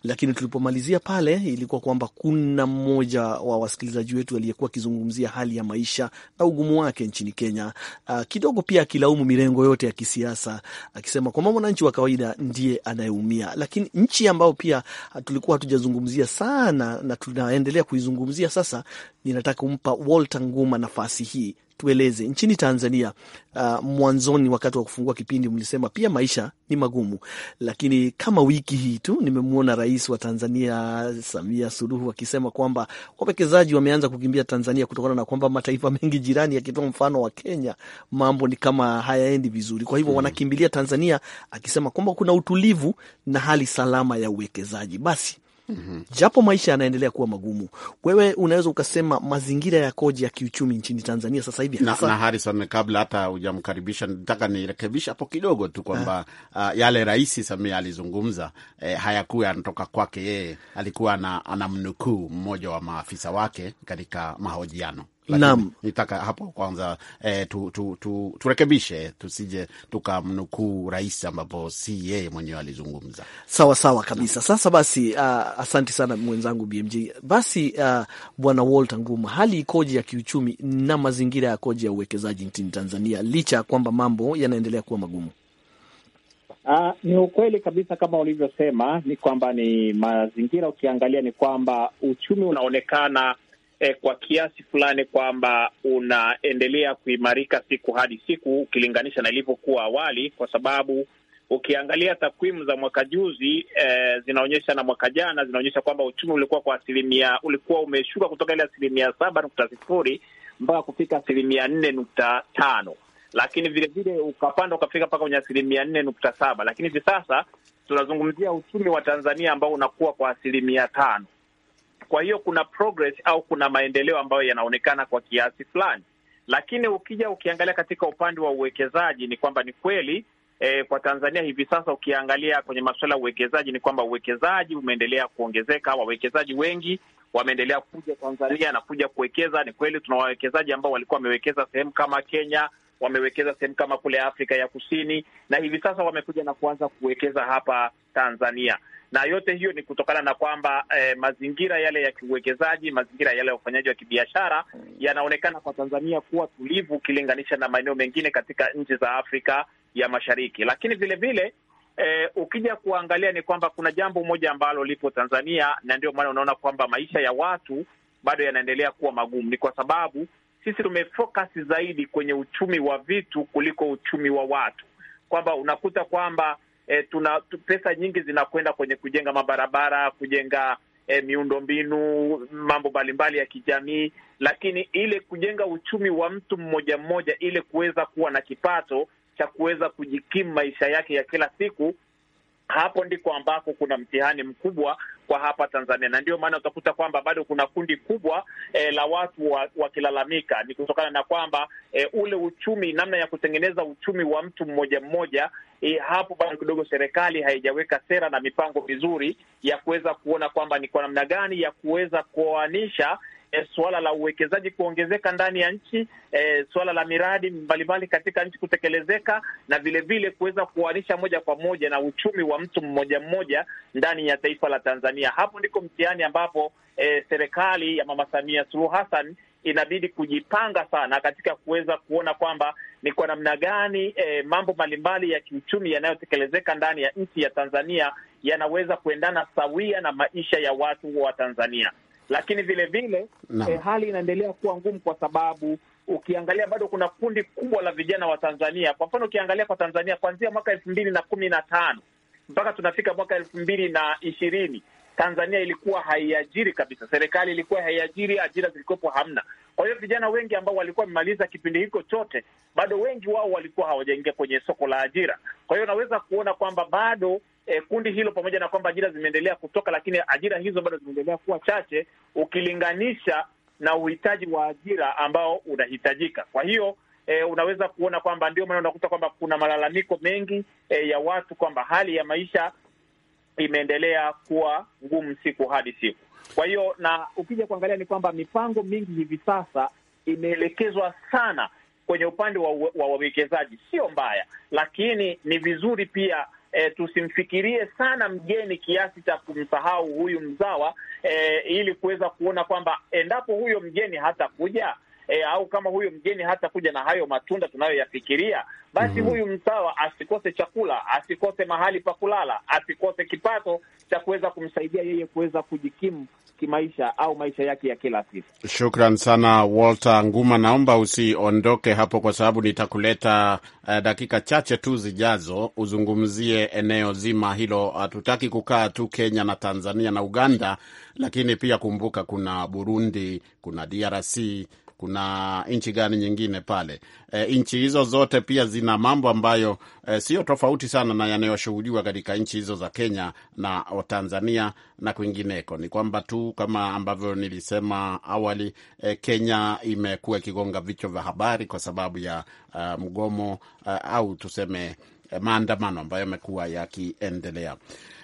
Lakini tulipomalizia pale ilikuwa kwamba kuna mmoja wa wasikilizaji wetu aliyekuwa akizungumzia hali ya maisha na ugumu wake nchini Kenya, uh, kidogo pia akilaumu mirengo yote ya kisiasa, akisema kwamba mwananchi wa kawaida ndiye anayeumia. Lakini nchi ambayo pia tulikuwa hatujazungumzia sana na tunaendelea kuizungumzia sasa, ninataka kumpa Walter Nguma nafasi hii tueleze nchini Tanzania. Uh, mwanzoni wakati wa kufungua kipindi mlisema pia maisha ni magumu, lakini kama wiki hii tu nimemwona Rais wa Tanzania Samia Suluhu akisema kwamba wawekezaji wameanza kukimbia Tanzania kutokana na kwamba mataifa mengi jirani, yakitoa mfano wa Kenya, mambo ni kama hayaendi vizuri. Kwa hivyo mm. wanakimbilia Tanzania, akisema kwamba kuna utulivu na hali salama ya uwekezaji. Basi -hmm. Japo maisha yanaendelea kuwa magumu, wewe unaweza ukasema mazingira yakoje ya kiuchumi nchini Tanzania sasa hivi na, na Harrison, kabla hata hujamkaribisha nataka nirekebisha hapo kidogo tu kwamba uh, yale Rais Samia alizungumza eh, hayakuwa yanatoka kwake yeye, alikuwa anamnukuu mmoja wa maafisa wake katika mahojiano. Naam, nitaka hapo kwanza eh, tu, tu, tu, turekebishe tusije tukamnukuu rais ambapo si yeye mwenyewe alizungumza. Sawa sawa kabisa Sasa basi, uh, ah, asanti sana mwenzangu BMJ. Basi uh, bwana Walter Nguma, hali ikoje ya kiuchumi na mazingira yakoje ya uwekezaji nchini Tanzania licha ya kwamba mambo yanaendelea kuwa magumu? Uh, ni ukweli kabisa kama ulivyosema, ni kwamba ni mazingira, ukiangalia ni kwamba uchumi unaonekana eh, kwa kiasi fulani kwamba unaendelea kuimarika siku hadi siku ukilinganisha na ilivyokuwa awali, kwa sababu ukiangalia takwimu za mwaka juzi eh, zinaonyesha na mwaka jana zinaonyesha kwamba uchumi ulikuwa kwa asilimia ulikuwa umeshuka kutoka ile asilimia saba nukta sifuri mpaka kufika asilimia nne nukta tano lakini vilevile ukapanda ukafika mpaka kwenye asilimia nne nukta saba lakini hivi sasa tunazungumzia uchumi wa Tanzania ambao unakuwa kwa asilimia tano kwa hiyo kuna progress au kuna maendeleo ambayo yanaonekana kwa kiasi fulani, lakini ukija ukiangalia katika upande wa uwekezaji ni kwamba ni kweli E, kwa Tanzania hivi sasa ukiangalia kwenye masuala ya uwekezaji ni kwamba uwekezaji umeendelea kuongezeka. Wawekezaji wengi wameendelea kuja Tanzania na kuja kuwekeza. Ni kweli tuna wawekezaji ambao walikuwa wamewekeza sehemu kama Kenya, wamewekeza sehemu kama kule Afrika ya Kusini, na hivi sasa wamekuja na kuanza kuwekeza hapa Tanzania, na yote hiyo ni kutokana na kwamba eh, mazingira yale ya kiuwekezaji, mazingira yale ya ufanyaji wa kibiashara yanaonekana kwa Tanzania kuwa tulivu ukilinganisha na maeneo mengine katika nchi za Afrika ya Mashariki, lakini vile vile Eh, ukija kuangalia ni kwamba kuna jambo moja ambalo lipo Tanzania na ndio maana unaona kwamba maisha ya watu bado yanaendelea kuwa magumu, ni kwa sababu sisi tumefocus zaidi kwenye uchumi wa vitu kuliko uchumi wa watu, kwamba unakuta kwamba e, tuna pesa nyingi zinakwenda kwenye kujenga mabarabara, kujenga e, miundombinu, mambo mbalimbali ya kijamii, lakini ile kujenga uchumi wa mtu mmoja mmoja, ile kuweza kuwa na kipato cha kuweza kujikimu maisha yake ya kila siku hapo ndiko ambako kuna mtihani mkubwa kwa hapa Tanzania, na ndio maana utakuta kwamba bado kuna kundi kubwa e, la watu wakilalamika wa ni kutokana na kwamba e, ule uchumi, namna ya kutengeneza uchumi wa mtu mmoja mmoja e, hapo bado kidogo serikali haijaweka sera na mipango mizuri ya kuweza kuona kwamba ni kwa namna gani ya kuweza kuoanisha eh, suala la uwekezaji kuongezeka ndani ya nchi eh, suala la miradi mbalimbali katika nchi kutekelezeka na vilevile kuweza kuanisha moja kwa moja na uchumi wa mtu mmoja mmoja ndani ya taifa la Tanzania. Hapo ndiko mtihani ambapo eh, serikali ya Mama Samia Suluhu Hassan inabidi kujipanga sana katika kuweza kuona kwamba ni kwa namna gani eh, mambo mbalimbali ya kiuchumi yanayotekelezeka ndani ya nchi ya Tanzania yanaweza kuendana sawia na maisha ya watu wa Tanzania lakini vile vile eh, hali inaendelea kuwa ngumu kwa sababu ukiangalia bado kuna kundi kubwa la vijana wa Tanzania. Kwa mfano, ukiangalia kwa Tanzania kuanzia mwaka elfu mbili na kumi na tano mpaka tunafika mwaka elfu mbili na ishirini Tanzania ilikuwa haiajiri kabisa, serikali ilikuwa haiajiri, ajira zilikuwepo hamna. Kwa hiyo vijana wengi ambao walikuwa wamemaliza kipindi hicho chote, bado wengi wao walikuwa hawajaingia kwenye soko la ajira. Kwa hiyo unaweza kuona kwamba bado eh, kundi hilo pamoja na kwamba ajira zimeendelea kutoka, lakini ajira hizo bado zimeendelea kuwa chache ukilinganisha na uhitaji wa ajira ambao unahitajika. Kwa hiyo eh, unaweza kuona kwamba ndio maana unakuta kwamba kuna malalamiko mengi eh, ya watu kwamba hali ya maisha imeendelea kuwa ngumu siku hadi siku. Kwa hiyo na ukija kuangalia ni kwamba mipango mingi hivi sasa imeelekezwa sana kwenye upande wa wawekezaji, sio mbaya, lakini ni vizuri pia e, tusimfikirie sana mgeni kiasi cha kumsahau huyu mzawa e, ili kuweza kuona kwamba endapo huyo mgeni hatakuja e, au kama huyu mgeni hata kuja na hayo matunda tunayoyafikiria, basi mm -hmm. huyu mtawa asikose chakula, asikose mahali pa kulala, asikose kipato cha kuweza kumsaidia yeye kuweza kujikimu kimaisha au maisha yake ya kila siku. Shukran sana Walter Nguma, naomba usiondoke hapo kwa sababu nitakuleta uh, dakika chache tu zijazo uzungumzie eneo zima hilo. Hatutaki uh, kukaa tu Kenya na Tanzania na Uganda, lakini pia kumbuka kuna Burundi, kuna DRC kuna nchi gani nyingine pale? E, nchi hizo zote pia zina mambo ambayo e, sio tofauti sana na yanayoshuhudiwa katika nchi hizo za Kenya na Tanzania na kwingineko. Ni kwamba tu kama ambavyo nilisema awali, e, Kenya imekuwa ikigonga vichwa vya habari kwa sababu ya uh, mgomo uh, au tuseme e, maandamano ambayo yamekuwa yakiendelea.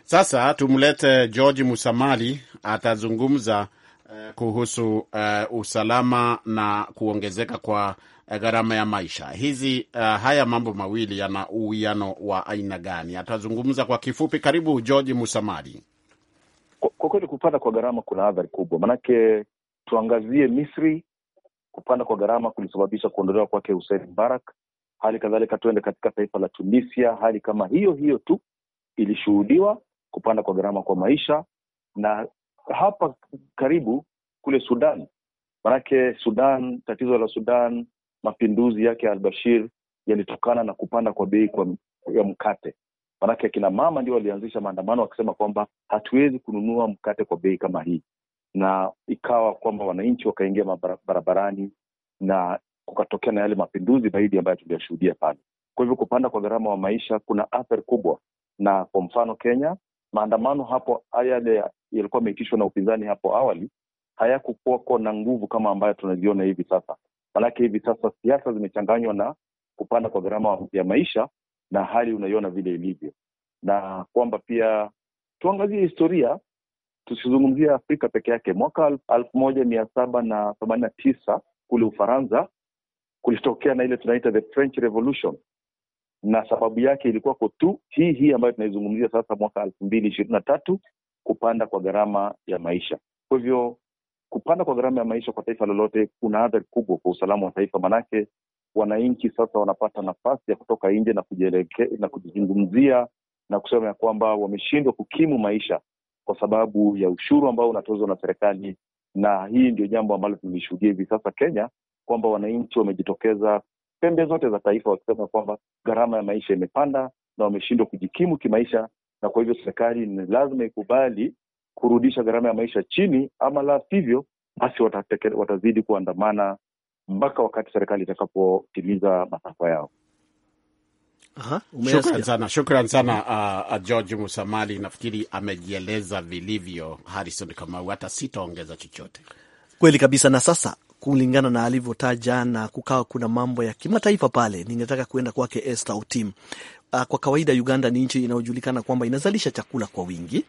Sasa tumlete George Musamali atazungumza Eh, kuhusu uh, usalama na kuongezeka kwa eh, gharama ya maisha hizi. Uh, haya mambo mawili yana uwiano wa aina gani? Atazungumza kwa kifupi. Karibu George Musamari. Kwa kweli kupanda kwa gharama kuna athari kubwa, maanake tuangazie Misri. Kupanda kwa gharama kulisababisha kuondolewa kwake Hussein Mbarak. Hali kadhalika tuende katika taifa la Tunisia, hali kama hiyo hiyo tu ilishuhudiwa kupanda kwa gharama kwa maisha, na hapa karibu kule Sudan, manake Sudan, tatizo la Sudan, mapinduzi yake ya Albashir yalitokana na kupanda kwa bei kwa ya mkate. Manake akina mama ndio walianzisha maandamano wakisema kwamba hatuwezi kununua mkate kwa bei kama hii, na ikawa kwamba wananchi wakaingia barabarani na kukatokea na yale mapinduzi zaidi ambayo tuliyashuhudia pale. Kwa hivyo kupanda kwa gharama wa maisha kuna athari kubwa, na kwa mfano Kenya maandamano hapo yale yalikuwa yameitishwa na upinzani hapo awali hayakukuwako na nguvu kama ambayo tunaziona hivi sasa. Maanake hivi sasa siasa zimechanganywa na kupanda kwa gharama ya maisha na hali unaiona vile ilivyo, na kwamba pia tuangazie historia, tusizungumzia Afrika peke yake. Mwaka elfu moja mia saba na themanini na tisa kule Ufaransa kulitokea na ile tunaita the French Revolution na sababu yake ilikuwako tu hii hii ambayo tunaizungumzia sasa, mwaka elfu mbili ishirini na tatu, kupanda kwa gharama ya maisha. Kwa hivyo kupanda kwa gharama ya maisha kwa taifa lolote kuna athari kubwa kwa usalama wa taifa, manake wananchi sasa wanapata nafasi ya kutoka nje na kujieleke, na kujizungumzia na kusema ya kwamba wameshindwa kukimu maisha kwa sababu ya ushuru ambao unatozwa na serikali, na hii ndio jambo ambalo tunalishuhudia hivi sasa Kenya, kwamba wananchi wamejitokeza pembe zote za taifa wakisema kwamba gharama ya maisha imepanda na wameshindwa kujikimu kimaisha, na kwa hivyo serikali ni lazima ikubali kurudisha gharama ya maisha chini, ama la sivyo basi watazidi kuandamana mpaka wakati serikali itakapotimiza matakwa yao. shukran sana, shukran sana uh, uh, George Musamali. Nafikiri amejieleza vilivyo Harrison Kamau, hata sitaongeza chochote. Kweli kabisa. Na sasa kulingana na alivyotaja na kukawa kuna mambo ya kimataifa pale. Ningetaka kuenda kwake Esther Otim. Ah, kwa kawaida Uganda ni nchi inayojulikana kwamba inazalisha chakula kwa wingi.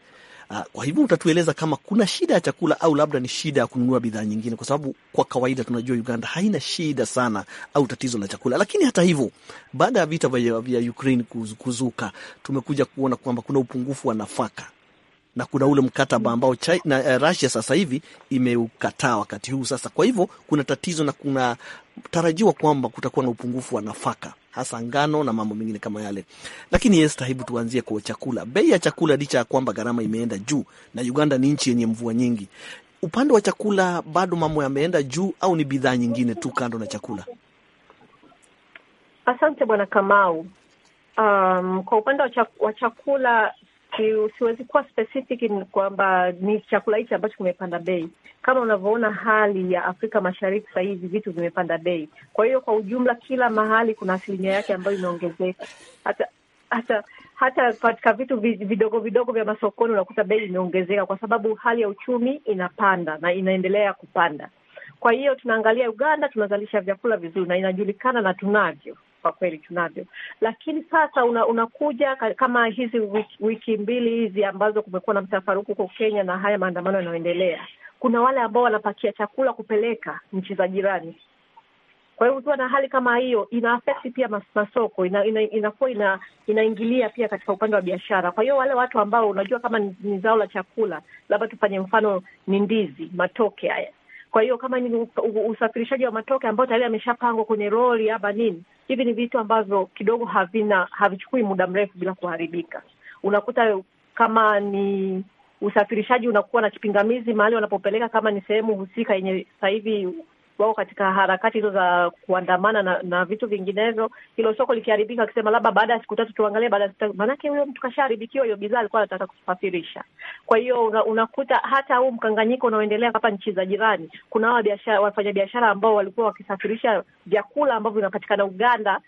Ah, kwa hivyo utatueleza kama kuna shida ya chakula au labda ni shida ya kununua bidhaa nyingine, kwa sababu kwa kawaida tunajua Uganda haina shida sana au tatizo la chakula. Lakini hata hivyo, baada ya vita vya Ukraine kuzuka, tumekuja kuona kwamba kuna upungufu wa nafaka na kuna ule mkataba ambao China, uh, eh, Russia sasa hivi imeukataa wakati huu sasa. Kwa hivyo kuna tatizo na kuna tarajiwa kwamba kutakuwa na upungufu wa nafaka hasa ngano na mambo mengine kama yale. Lakini Esther, hebu tuanzie kwa chakula. Bei ya chakula, licha ya kwamba gharama imeenda juu na Uganda ni nchi yenye mvua nyingi, upande wa chakula bado mambo yameenda juu, au ni bidhaa nyingine tu kando na chakula? Asante bwana Kamau. Um, kwa upande wa chakula siwezi kuwa specific ni kwamba ni chakula hichi ambacho kimepanda bei. Kama unavyoona hali ya Afrika Mashariki sasa hivi vitu vimepanda bei, kwa hiyo kwa ujumla kila mahali kuna asilimia yake ambayo imeongezeka. Hata hata hata katika vitu vidogo vidogo vya masokoni unakuta bei imeongezeka, kwa sababu hali ya uchumi inapanda na inaendelea kupanda. Kwa hiyo tunaangalia Uganda, tunazalisha vyakula vizuri na inajulikana na tunavyo kwa kweli tunavyo, lakini sasa una, unakuja kama hizi wiki, wiki mbili hizi ambazo kumekuwa na mtafaruku huko Kenya na haya maandamano yanayoendelea, kuna wale ambao wanapakia chakula kupeleka nchi za jirani. Kwa hiyo ukiwa na hali kama hiyo ina affect pia mas, masoko inakuwa ina, ina, inaingilia pia katika upande wa biashara. Kwa hiyo wale watu ambao unajua kama ni zao la chakula, labda tufanye mfano ni ndizi, matoke haya kwa hiyo kama ni usafirishaji wa matoke ambao tayari ameshapangwa kwenye roli ama nini, hivi ni vitu ambavyo kidogo havina havichukui muda mrefu bila kuharibika. Unakuta kama ni usafirishaji unakuwa na kipingamizi mahali wanapopeleka, kama ni sehemu husika yenye sasa hivi wako katika harakati hizo za kuandamana na, na vitu vinginevyo, hilo soko likiharibika, akisema labda baada ya siku tatu tuangalie baada ya siku tatu, maanake huyo mtu kashaharibikiwa hiyo bidhaa alikuwa anataka kusafirisha. Kwa hiyo una, unakuta hata huu mkanganyiko unaoendelea hapa nchi za jirani, kuna wafanyabiashara ambao walikuwa wakisafirisha vyakula ambavyo vinapatikana Uganda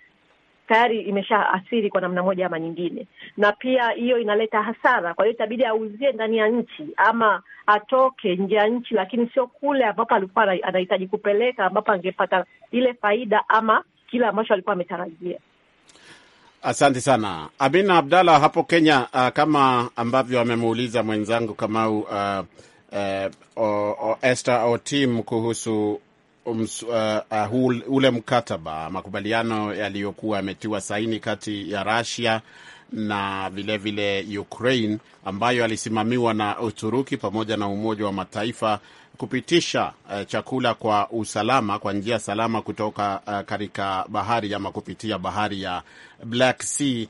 tayari imeshaathiri kwa namna moja ama nyingine, na pia hiyo inaleta hasara. Kwa hiyo itabidi auzie ndani ya nchi ama atoke nje ya nchi, lakini sio kule ambapo alikuwa anahitaji kupeleka, ambapo angepata ile faida ama kile ambacho alikuwa ametarajia. Asante sana Amina Abdalla hapo Kenya. Uh, kama ambavyo amemuuliza mwenzangu Kamau uh, uh, Esther Otim kuhusu ums, uh, uh, ule mkataba makubaliano yaliyokuwa yametiwa saini kati ya Russia na vilevile vile Ukraine ambayo alisimamiwa na Uturuki pamoja na Umoja wa Mataifa kupitisha uh, chakula kwa usalama kwa njia salama kutoka uh, katika bahari ama kupitia bahari ya Black Sea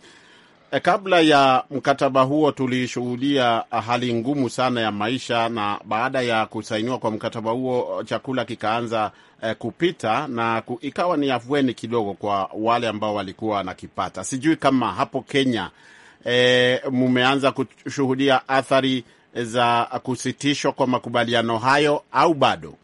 E, kabla ya mkataba huo tulishuhudia ah, hali ngumu sana ya maisha, na baada ya kusainiwa kwa mkataba huo oh, chakula kikaanza e, kupita na ku, ikawa ni afueni kidogo kwa wale ambao walikuwa wanakipata. Sijui kama hapo Kenya e, mumeanza kushuhudia athari za kusitishwa kwa makubaliano hayo au bado?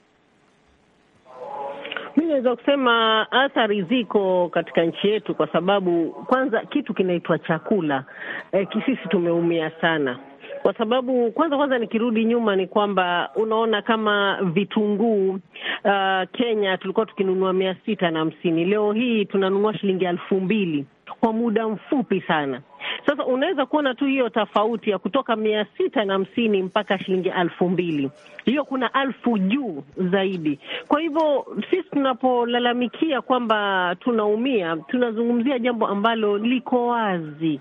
Mimi naweza kusema athari ziko katika nchi yetu, kwa sababu kwanza kitu kinaitwa chakula e, eh, sisi tumeumia sana kwa sababu kwanza kwanza, nikirudi nyuma ni kwamba unaona kama vitunguu uh, Kenya tulikuwa tukinunua mia sita na hamsini, leo hii tunanunua shilingi elfu mbili kwa muda mfupi sana. Sasa unaweza kuona tu hiyo tofauti ya kutoka mia sita na hamsini mpaka shilingi alfu mbili hiyo kuna alfu juu zaidi. Kwa hivyo sisi tunapolalamikia kwamba tunaumia, tunazungumzia jambo ambalo liko wazi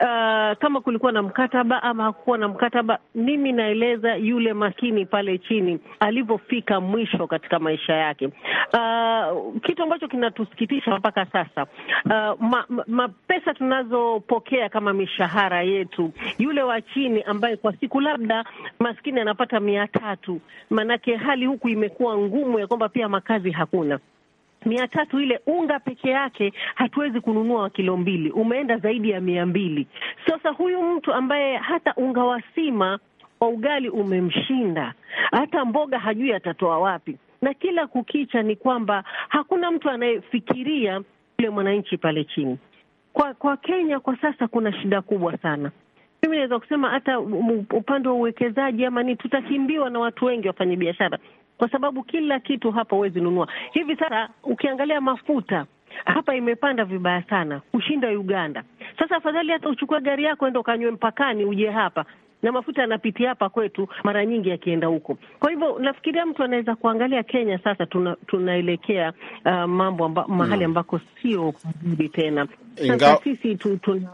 Eh, kama kulikuwa na mkataba ama hakukuwa na mkataba. Mimi naeleza yule maskini pale chini alivyofika mwisho katika maisha yake. Uh, kitu ambacho kinatusikitisha mpaka sasa uh, eh, mapesa ma tunazopokea kama mishahara yetu, yule wa chini ambaye kwa siku labda maskini anapata mia tatu, maanake hali huku imekuwa ngumu ya kwamba pia makazi hakuna mia tatu ile unga peke yake hatuwezi kununua wa kilo mbili, umeenda zaidi ya mia mbili. Sasa huyu mtu ambaye hata unga wa sima wa ugali umemshinda, hata mboga hajui atatoa wapi, na kila kukicha ni kwamba hakuna mtu anayefikiria yule mwananchi pale chini. Kwa kwa Kenya kwa sasa kuna shida kubwa sana. Mimi naweza kusema hata upande wa uwekezaji ama ni tutakimbiwa na watu wengi wafanya biashara kwa sababu kila kitu hapa huwezi nunua. Hivi sasa ukiangalia mafuta hapa imepanda vibaya sana kushinda Uganda. Sasa afadhali hata uchukue gari yako enda ukanywe mpakani uje hapa na mafuta yanapitia hapa kwetu mara nyingi yakienda huko. Kwa hivyo nafikiria mtu anaweza kuangalia Kenya sasa tuna, tunaelekea uh, mambo amba, mahali ambako sio vizuri tena. Sasa sisi tu, tuna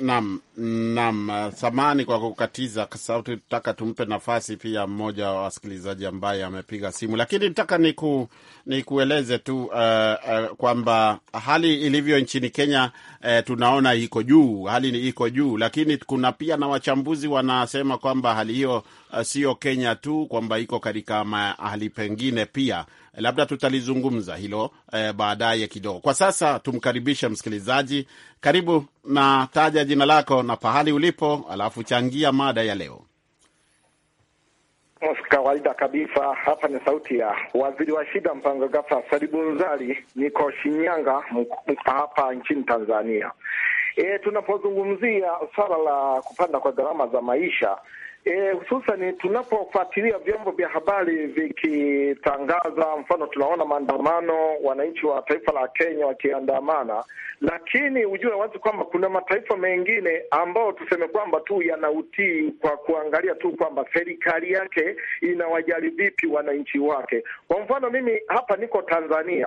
naam Naam, samani kwa kukatiza kwa sababu tutaka tumpe nafasi pia mmoja wa wasikilizaji ambaye amepiga simu, lakini nitaka niku, nikueleze tu uh, uh, kwamba hali ilivyo nchini Kenya uh, tunaona iko juu, hali iko juu, lakini kuna pia na wachambuzi wanasema kwamba hali hiyo uh, sio Kenya tu, kwamba iko katika mahali pengine pia. Labda tutalizungumza hilo uh, baadaye kidogo. Kwa sasa tumkaribishe msikilizaji. Karibu na taja jina lako na pahali ulipo, alafu changia mada ya leo. Kawaida kabisa, hapa ni sauti ya waziri wa shida mpango gafa Salibunzali, niko Shinyanga hapa nchini Tanzania. E, tunapozungumzia swala la kupanda kwa gharama za maisha Eh, hususan e, tunapofuatilia vyombo vya habari vikitangaza, mfano tunaona maandamano, wananchi wa taifa la Kenya wakiandamana, lakini ujue wazi kwamba kuna mataifa mengine ambayo tuseme kwamba tu yanautii kwa kuangalia tu kwamba serikali yake inawajali vipi wananchi wake. Kwa mfano mimi hapa niko Tanzania.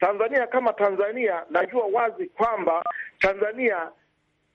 Tanzania kama Tanzania, najua wazi kwamba Tanzania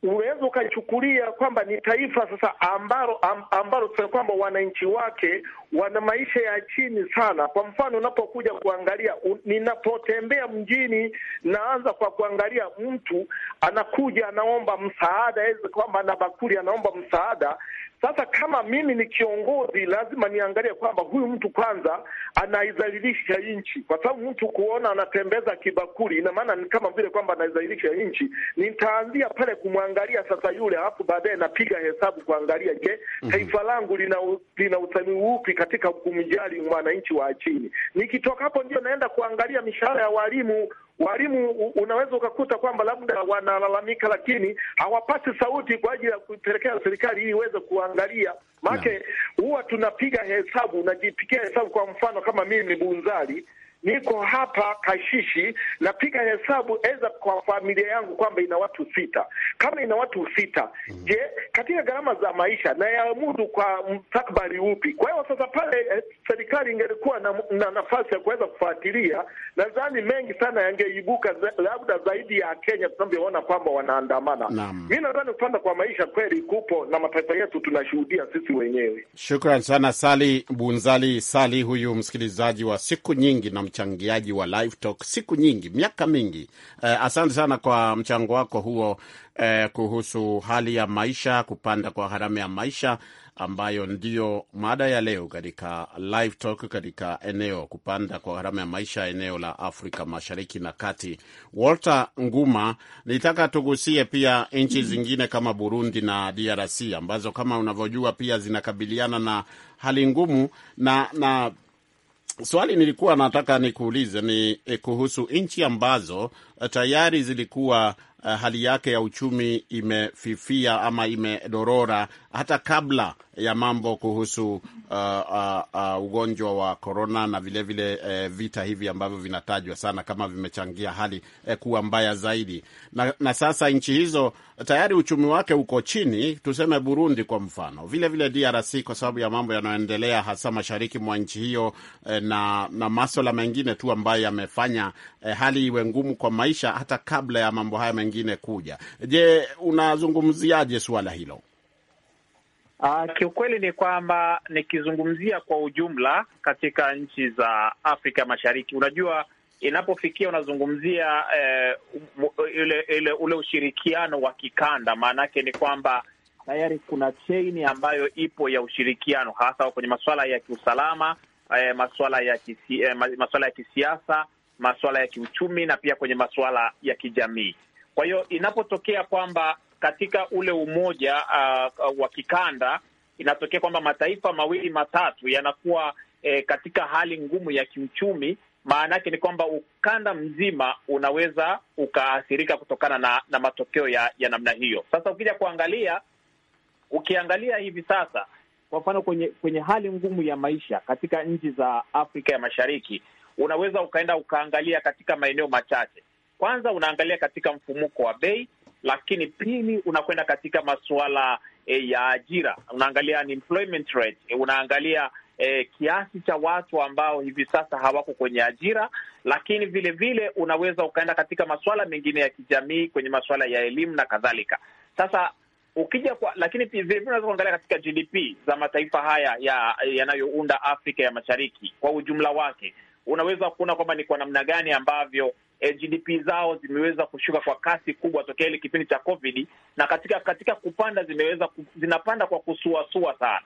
unaweza ukachukulia kwamba ni taifa sasa ambalo ambalo tuseme kwamba wananchi wake wana maisha ya chini sana. Kwa mfano, unapokuja kuangalia ninapotembea mjini naanza kwa kuangalia mtu anakuja anaomba msaada, kwamba na bakuli anaomba msaada sasa kama mimi ni kiongozi, lazima niangalie kwamba huyu mtu kwanza anaidhalilisha nchi, kwa sababu mtu kuona anatembeza kibakuli, ina maana ni kama vile kwamba anaidhalilisha nchi. Nitaanzia pale kumwangalia sasa yule, alafu baadaye napiga hesabu kuangalia, je, mhm. taifa langu lina, lina usanii upi katika kumjali mwananchi wa chini? Nikitoka hapo ndio naenda kuangalia mishahara ya walimu Walimu unaweza ukakuta kwamba labda wanalalamika, lakini hawapati sauti kwa ajili ya kupelekea serikali ili iweze kuangalia. make. huwa tunapiga hesabu, unajipigia hesabu. Kwa mfano kama mimi ni Bunzali niko hapa Kashishi, napiga hesabu eza kwa familia yangu kwamba ina watu sita. Kama ina watu sita, mm. je, katika gharama za maisha na mudu kwa mstakbali upi? Kwa hiyo sasa pale eh, serikali ingelikuwa na, na nafasi ya kuweza kufuatilia, nadhani mengi sana yangeibuka, labda zaidi ya Kenya tunavyoona kwamba wanaandamana. Mi nadhani kupanda kwa maisha kweli kupo na mataifa yetu tunashuhudia sisi wenyewe. Shukran sana Sali Bunzali Sali, huyu msikilizaji wa siku nyingi na mchangiaji wa Live Talk siku nyingi, miaka mingi. Eh, asante sana kwa mchango wako huo eh, kuhusu hali ya maisha, kupanda kwa gharama ya maisha ambayo ndiyo mada ya leo katika Live Talk katika eneo kupanda kwa gharama ya maisha eneo la Afrika Mashariki na Kati. Walter Nguma, nitaka tugusie pia nchi zingine kama Burundi na DRC ambazo kama unavyojua pia zinakabiliana na hali ngumu na na swali nilikuwa nataka nikuulize ni eh, kuhusu nchi ambazo eh, tayari zilikuwa uh, hali yake ya uchumi imefifia ama imedorora hata kabla ya mambo kuhusu uh, uh, uh, ugonjwa wa korona na vilevile vile, uh, vita hivi ambavyo vinatajwa sana kama vimechangia hali uh, kuwa mbaya zaidi na, na sasa nchi hizo tayari uchumi wake uko chini, tuseme Burundi kwa mfano, vilevile vile DRC kwa sababu ya mambo yanayoendelea hasa mashariki mwa nchi hiyo uh, na, na maswala mengine tu ambayo yamefanya uh, hali iwe ngumu kwa maisha hata kabla ya mambo haya mengine nyingine kuja. Je, unazungumziaje suala hilo? Uh, kiukweli ni kwamba nikizungumzia kwa ujumla katika nchi za Afrika Mashariki, unajua inapofikia unazungumzia eh, ule, ule, ule ushirikiano wa kikanda, maanake ni kwamba tayari kuna cheini ambayo ipo ya ushirikiano hasa kwenye masuala ya kiusalama eh, masuala ya kisi, eh, masuala ya kisiasa, masuala ya kiuchumi na pia kwenye masuala ya kijamii. Kwa hiyo inapotokea kwamba katika ule umoja uh, wa kikanda inatokea kwamba mataifa mawili matatu yanakuwa eh, katika hali ngumu ya kiuchumi, maana yake ni kwamba ukanda mzima unaweza ukaathirika kutokana na, na matokeo ya, ya namna hiyo. Sasa ukija kuangalia, ukiangalia hivi sasa kwa mfano kwenye kwenye hali ngumu ya maisha katika nchi za Afrika ya Mashariki, unaweza ukaenda ukaangalia katika maeneo machache kwanza unaangalia katika mfumuko wa bei, lakini pili unakwenda katika masuala e, ya ajira, unaangalia unemployment rate, eh, unaangalia e, kiasi cha watu ambao hivi sasa hawako kwenye ajira, lakini vile vile unaweza ukaenda katika masuala mengine ya kijamii, kwenye masuala ya elimu na kadhalika. Sasa ukija kwa, lakini vile vile unaweza kuangalia katika GDP za mataifa haya yanayounda ya Afrika ya Mashariki kwa ujumla wake unaweza kuona kwamba ni kwa namna gani ambavyo eh, GDP zao zimeweza kushuka kwa kasi kubwa tokea ile kipindi cha COVID, na katika katika kupanda zimeweza ku, zinapanda kwa kusuasua sana.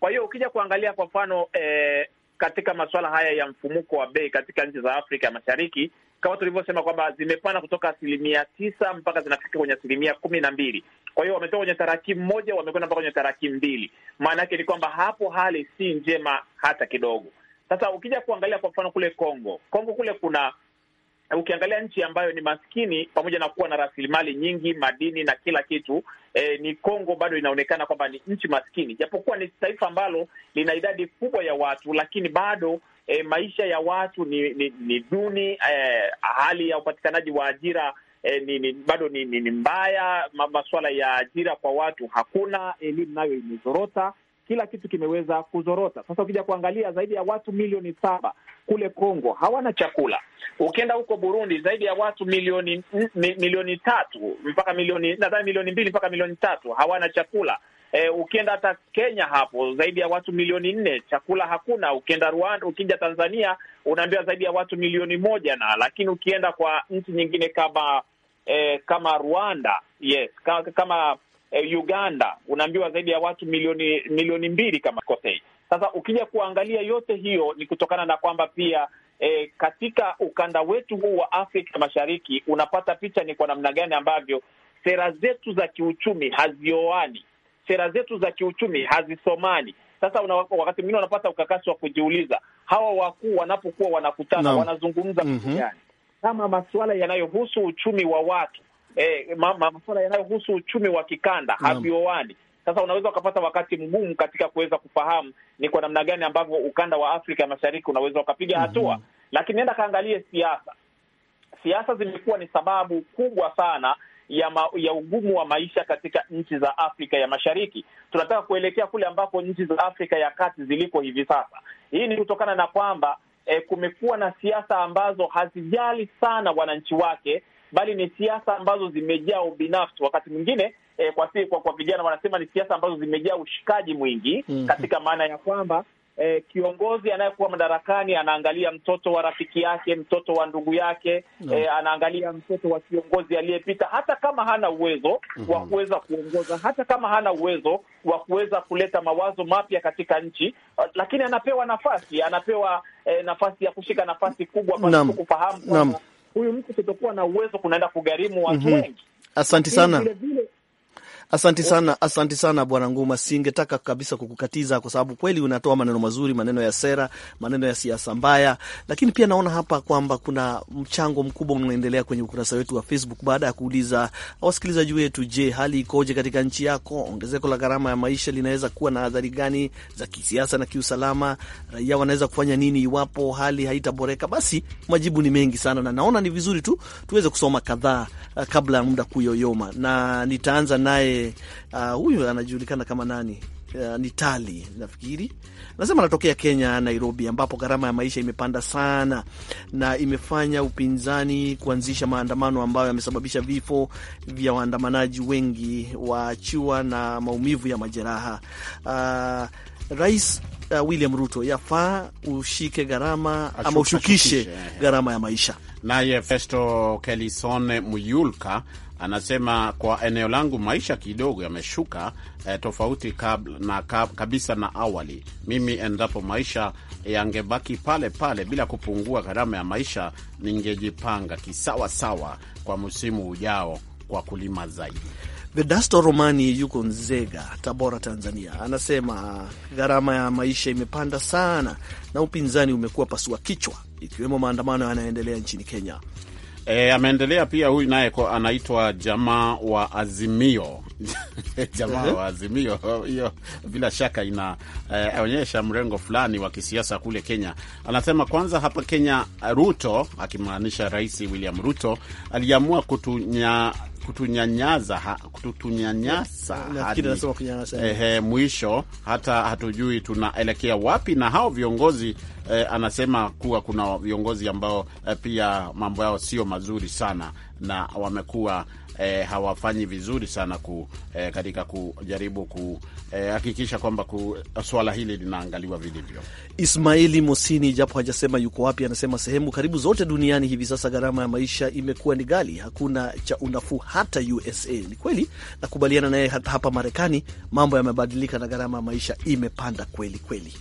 Kwa hiyo ukija kuangalia kwa mfano eh, katika masuala haya ya mfumuko wa bei katika nchi za Afrika ya Mashariki kama tulivyosema kwamba zimepanda kutoka asilimia tisa mpaka zinafika kwenye asilimia kumi na mbili. Kwa hiyo wametoka kwenye tarakimu moja wamekwenda mpaka kwenye tarakimu mbili. Maana yake ni kwamba hapo hali si njema hata kidogo. Sasa ukija kuangalia kwa mfano kule Kongo, Kongo kule kuna ukiangalia nchi ambayo ni maskini pamoja na kuwa na rasilimali nyingi, madini na kila kitu e, ni Kongo bado inaonekana kwamba ni nchi maskini, japokuwa ni taifa ambalo lina idadi kubwa ya watu, lakini bado e, maisha ya watu ni ni, ni duni e, hali ya upatikanaji wa ajira e, ni, ni, bado ni, ni, ni mbaya. Masuala ya ajira kwa watu hakuna, elimu nayo imezorota kila kitu kimeweza kuzorota. Sasa ukija kuangalia zaidi ya watu milioni saba kule Kongo hawana chakula. Ukienda huko Burundi zaidi ya watu milioni milioni tatu mpaka milioni nadhani milioni mbili mpaka milioni tatu hawana chakula. E, ukienda hata Kenya hapo zaidi ya watu milioni nne chakula hakuna. Ukienda Rwanda, ukija Tanzania unaambiwa zaidi ya watu milioni moja na lakini ukienda kwa nchi nyingine kama e, kama Rwanda yes, kama eh, Uganda unaambiwa zaidi ya watu milioni milioni mbili kama kosei. Sasa ukija kuangalia yote hiyo ni kutokana na kwamba pia E, katika ukanda wetu huu wa Afrika Mashariki unapata picha ni kwa namna gani ambavyo sera zetu za kiuchumi hazioani, sera zetu za kiuchumi hazisomani. Sasa una, wakati mwingine unapata ukakasi wa kujiuliza hawa wakuu wanapokuwa wanakutana no. wanazungumza mm -hmm. kama masuala yanayohusu uchumi wa watu eh, masuala yanayohusu uchumi wa kikanda havioani. Sasa unaweza ukapata wakati mgumu katika kuweza kufahamu ni kwa namna gani ambavyo ukanda wa Afrika Mashariki unaweza ukapiga mhm. hatua mm -hmm. Lakini nenda kaangalie siasa. Siasa zimekuwa ni sababu kubwa sana ya, ma, ya ugumu wa maisha katika nchi za Afrika ya Mashariki. Tunataka kuelekea kule ambako nchi za Afrika ya Kati ziliko hivi sasa. Hii ni kutokana na kwamba e, kumekuwa na siasa ambazo hazijali sana wananchi wake bali ni siasa ambazo zimejaa ubinafsi. Wakati mwingine eh, kwa kwa kwa vijana wanasema ni siasa ambazo zimejaa ushikaji mwingi mm -hmm. katika maana ya kwamba eh, kiongozi anayekuwa madarakani anaangalia mtoto wa rafiki yake, mtoto wa ndugu yake no. eh, anaangalia mtoto wa kiongozi aliyepita, hata kama hana uwezo mm -hmm. wa mhm. kuweza kuongoza, hata kama hana uwezo wa kuweza kuleta mawazo mapya katika nchi, eh, lakini anapewa nafasi, anapewa eh, nafasi ya kushika nafasi kubwa kufahamu huyu mtu kutokuwa na uwezo kunaenda kugharimu watu mhm. wengi. mm -hmm. Asante sana. Vile vile Asanti sana, asanti sana Bwana Nguma, singetaka kabisa kukukatiza kwa sababu kweli unatoa maneno mazuri, maneno ya sera, maneno ya siasa mbaya, lakini pia naona hapa kwamba kuna mchango mkubwa unaendelea kwenye ukurasa wetu wa Facebook baada ya kuuliza wasikilizaji wetu, je, hali ikoje katika nchi yako? Ongezeko la gharama ya maisha linaweza kuwa na adhari gani za kisiasa na kiusalama? Raia wanaweza kufanya nini iwapo hali haitaboreka? Basi majibu ni mengi sana, na naona ni vizuri tu tuweze kusoma kadhaa eh, kabla ya muda kuyoyoma, na nitaanza naye vilevile ah, huyu uh, anajulikana kama nani Uh, ni Tali nafikiri, nasema anatokea Kenya, Nairobi, ambapo gharama ya maisha imepanda sana na imefanya upinzani kuanzisha maandamano ambayo yamesababisha vifo vya waandamanaji wengi waachiwa na maumivu ya majeraha. Uh, Rais uh, William Ruto, yafaa ushike gharama ama ushukishe gharama ya maisha. Naye Festo Kelison Muyulka anasema kwa eneo langu maisha kidogo yameshuka, eh, tofauti kab, na kab, kabisa na awali. Mimi endapo maisha yangebaki pale pale bila kupungua gharama ya maisha, ningejipanga kisawasawa kwa msimu ujao kwa kulima zaidi. Vedasto Romani yuko Nzega, Tabora, Tanzania, anasema gharama ya maisha imepanda sana na upinzani umekuwa pasua kichwa, ikiwemo maandamano yanayoendelea nchini Kenya. E, ameendelea pia huyu naye anaitwa jamaa wa Azimio jamaa mhm. wa Azimio hiyo bila shaka inaonyesha e, mrengo fulani wa kisiasa kule Kenya. Anasema kwanza, hapa Kenya Ruto, akimaanisha Rais William Ruto, aliamua kutunya kutunyanyaza kututunyanyasa hadi ehe, mwisho hata hatujui tunaelekea wapi, na hao viongozi eh, anasema kuwa kuna viongozi ambao eh, pia mambo yao sio mazuri sana na wamekuwa eh, hawafanyi vizuri sana ku, eh, katika kujaribu kuhakikisha eh, kwamba ku, swala hili linaangaliwa vilivyo. Ismaili Mosini, japo hajasema yuko wapi, anasema sehemu karibu zote duniani hivi sasa gharama ya maisha imekuwa ni ghali, hakuna cha unafuu hata USA. Ni kweli, nakubaliana naye. Hata hapa Marekani mambo yamebadilika na gharama ya maisha imepanda kweli kweli.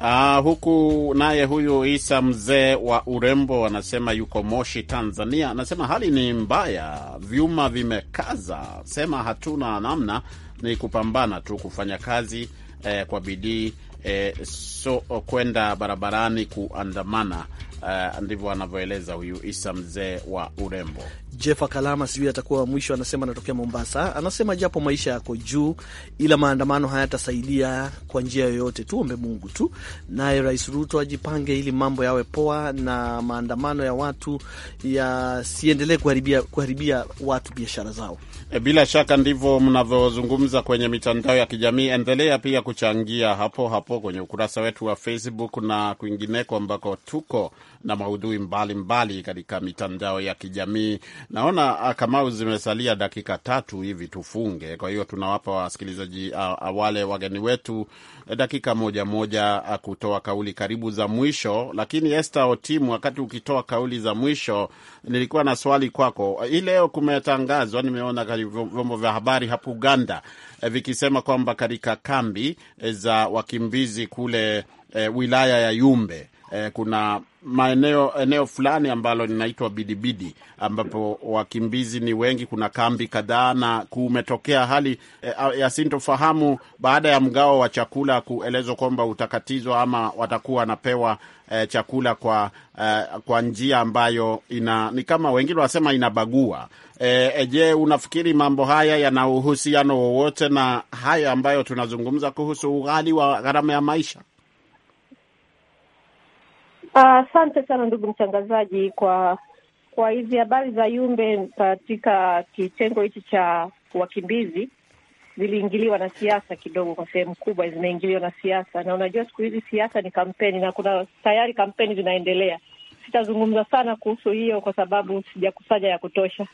Ah, huku naye huyu Isa mzee wa urembo anasema yuko Moshi, Tanzania. Anasema hali ni mbaya, vyuma vimekaza, sema hatuna namna, ni kupambana tu, kufanya kazi eh, kwa bidii eh, so kwenda barabarani kuandamana. Uh, ndivyo anavyoeleza huyu Isa mzee wa urembo. Jefa Kalama sijui atakuwa mwisho, anasema anatokea Mombasa. Anasema japo maisha yako juu, ila maandamano hayatasaidia kwa njia yoyote, tuombe Mungu tu. Naye Rais Ruto ajipange ili mambo yawe poa na maandamano ya watu yasiendelee kuharibia, kuharibia watu biashara zao. E, bila shaka ndivyo mnavyozungumza kwenye mitandao ya kijamii. Endelea pia kuchangia hapo hapo kwenye ukurasa wetu wa Facebook na kwingineko ambako tuko na maudhui mbalimbali katika mitandao ya kijamii. Naona ah, Kamau, zimesalia dakika tatu hivi tufunge, kwa hiyo tunawapa wasikilizaji ah, ah, wale wageni wetu eh, dakika moja moja kutoa kauli karibu za mwisho. Lakini Esther Otimu, wakati ukitoa kauli za mwisho, nilikuwa na swali kwako. Hii leo kumetangazwa, nimeona vyombo vya habari hapo Uganda eh, vikisema kwamba katika kambi eh, za wakimbizi kule e, wilaya ya Yumbe e, kuna maeneo eneo fulani ambalo linaitwa Bidibidi ambapo wakimbizi ni wengi, kuna kambi kadhaa, na kumetokea hali e, ya sintofahamu baada ya mgao wa chakula kuelezwa kwamba utakatizwa ama watakuwa wanapewa e, chakula kwa e, kwa njia ambayo ina ni kama wengine wanasema inabagua. E, je, unafikiri mambo haya yana uhusiano wowote na haya ambayo tunazungumza kuhusu ughali wa gharama ya maisha? Asante uh, sana ndugu mtangazaji kwa kwa hizi habari za Yumbe katika kitengo hichi cha wakimbizi ziliingiliwa na siasa kidogo, kwa sehemu kubwa zimeingiliwa na siasa, na unajua siku hizi siasa ni kampeni na kuna tayari kampeni zinaendelea. Sitazungumza sana kuhusu hiyo kwa sababu sijakusanya ya kutosha,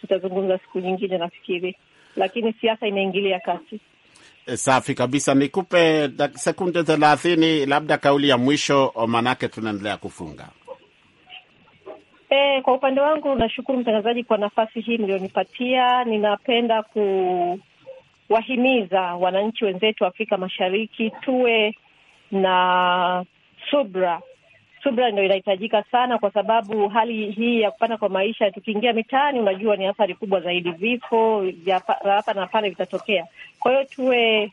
tutazungumza siku nyingine nafikiri, lakini siasa imeingilia kati. Eh, safi kabisa, nikupe sekunde thelathini, labda kauli ya mwisho, oh, manake tunaendelea kufunga. E, kwa upande wangu nashukuru mtangazaji kwa nafasi hii mlionipatia. Ninapenda kuwahimiza wananchi wenzetu wa Afrika Mashariki tuwe na subra subra ndo inahitajika sana, kwa sababu hali hii ya kupanda kwa maisha, tukiingia mitaani, unajua ni athari kubwa zaidi, vifo vya hapa na pale vitatokea. Kwa hiyo tuwe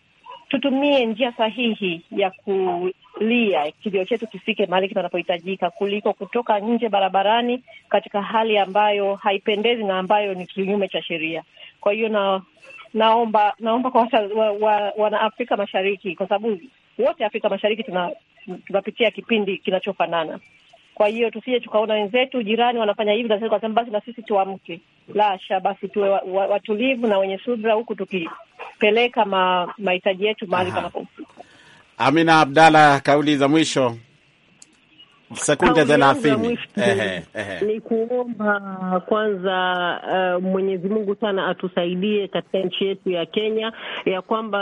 tutumie njia sahihi ya kulia kilio chetu kifike mahali kinapohitajika, kuliko kutoka nje barabarani katika hali ambayo haipendezi na ambayo ni kinyume cha sheria. Kwa hiyo na, naomba naomba kwa wanaafrika wa, wa, Mashariki, kwa sababu wote Afrika Mashariki tuna tunapitia kipindi kinachofanana. Kwa hiyo tusije tukaona wenzetu jirani wanafanya hivi, na basi na sisi tuamke. Lasha, basi tuwe watulivu na wenye subira, huku tukipeleka mahitaji yetu mahali panapohusika. Amina Abdalla, kauli za mwisho sekunde thelathini. Ni kuomba kwanza uh, Mwenyezi Mungu sana atusaidie katika nchi yetu ya Kenya, ya kwamba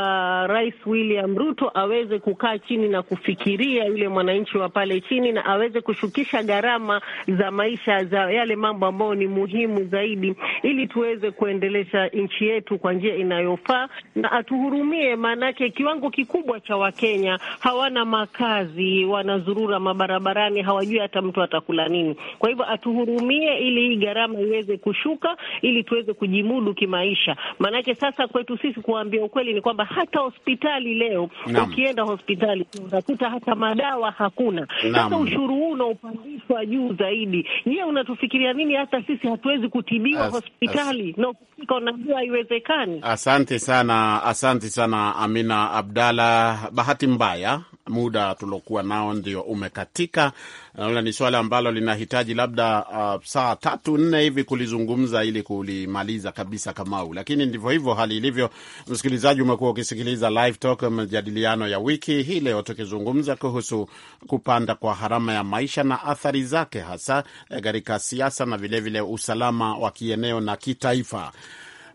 Rais William Ruto aweze kukaa chini na kufikiria yule mwananchi wa pale chini, na aweze kushukisha gharama za maisha za yale mambo ambayo ni muhimu zaidi, ili tuweze kuendelesha nchi yetu kwa njia inayofaa, na atuhurumie, maanake kiwango kikubwa cha Wakenya hawana makazi, wanazurura mabarabarani yaani hawajui hata mtu atakula nini. Kwa hivyo atuhurumie, ili hii gharama iweze kushuka, ili tuweze kujimudu kimaisha. Maanake sasa kwetu sisi, kuwaambia ukweli, ni kwamba hata hospitali leo Nam. ukienda hospitali unakuta hata madawa hakuna. Sasa ushuru huu unaopandishwa juu zaidi, je, unatufikiria nini? Hata sisi hatuwezi kutibiwa as, hospitali as, na ukifika haiwezekani. Asante sana, asante sana Amina Abdalla. Bahati mbaya muda tuliokuwa nao ndio umekatika, naona ni swala ambalo linahitaji labda uh, saa tatu nne hivi kulizungumza ili kulimaliza kabisa Kamau, lakini ndivyo hivyo hali ilivyo. Msikilizaji, umekuwa ukisikiliza Live Talk, majadiliano ya wiki hii. Leo tukizungumza kuhusu kupanda kwa gharama ya maisha na athari zake hasa eh, katika siasa na vilevile vile usalama wa kieneo na kitaifa.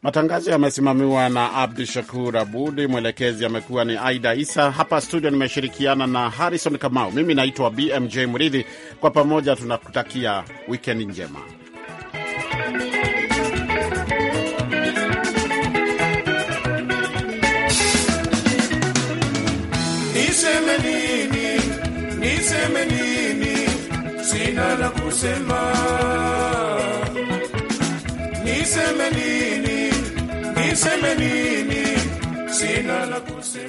Matangazo yamesimamiwa na Abdu Shakur Abudi, mwelekezi amekuwa ni Aida Isa. Hapa studio nimeshirikiana na Harrison Kamau. Mimi naitwa BMJ Mridhi. Kwa pamoja tunakutakia wikendi njema. Niseme nini? Niseme nini? Sina la kusema. Niseme nini? σε με μείνει, συναλλακούσε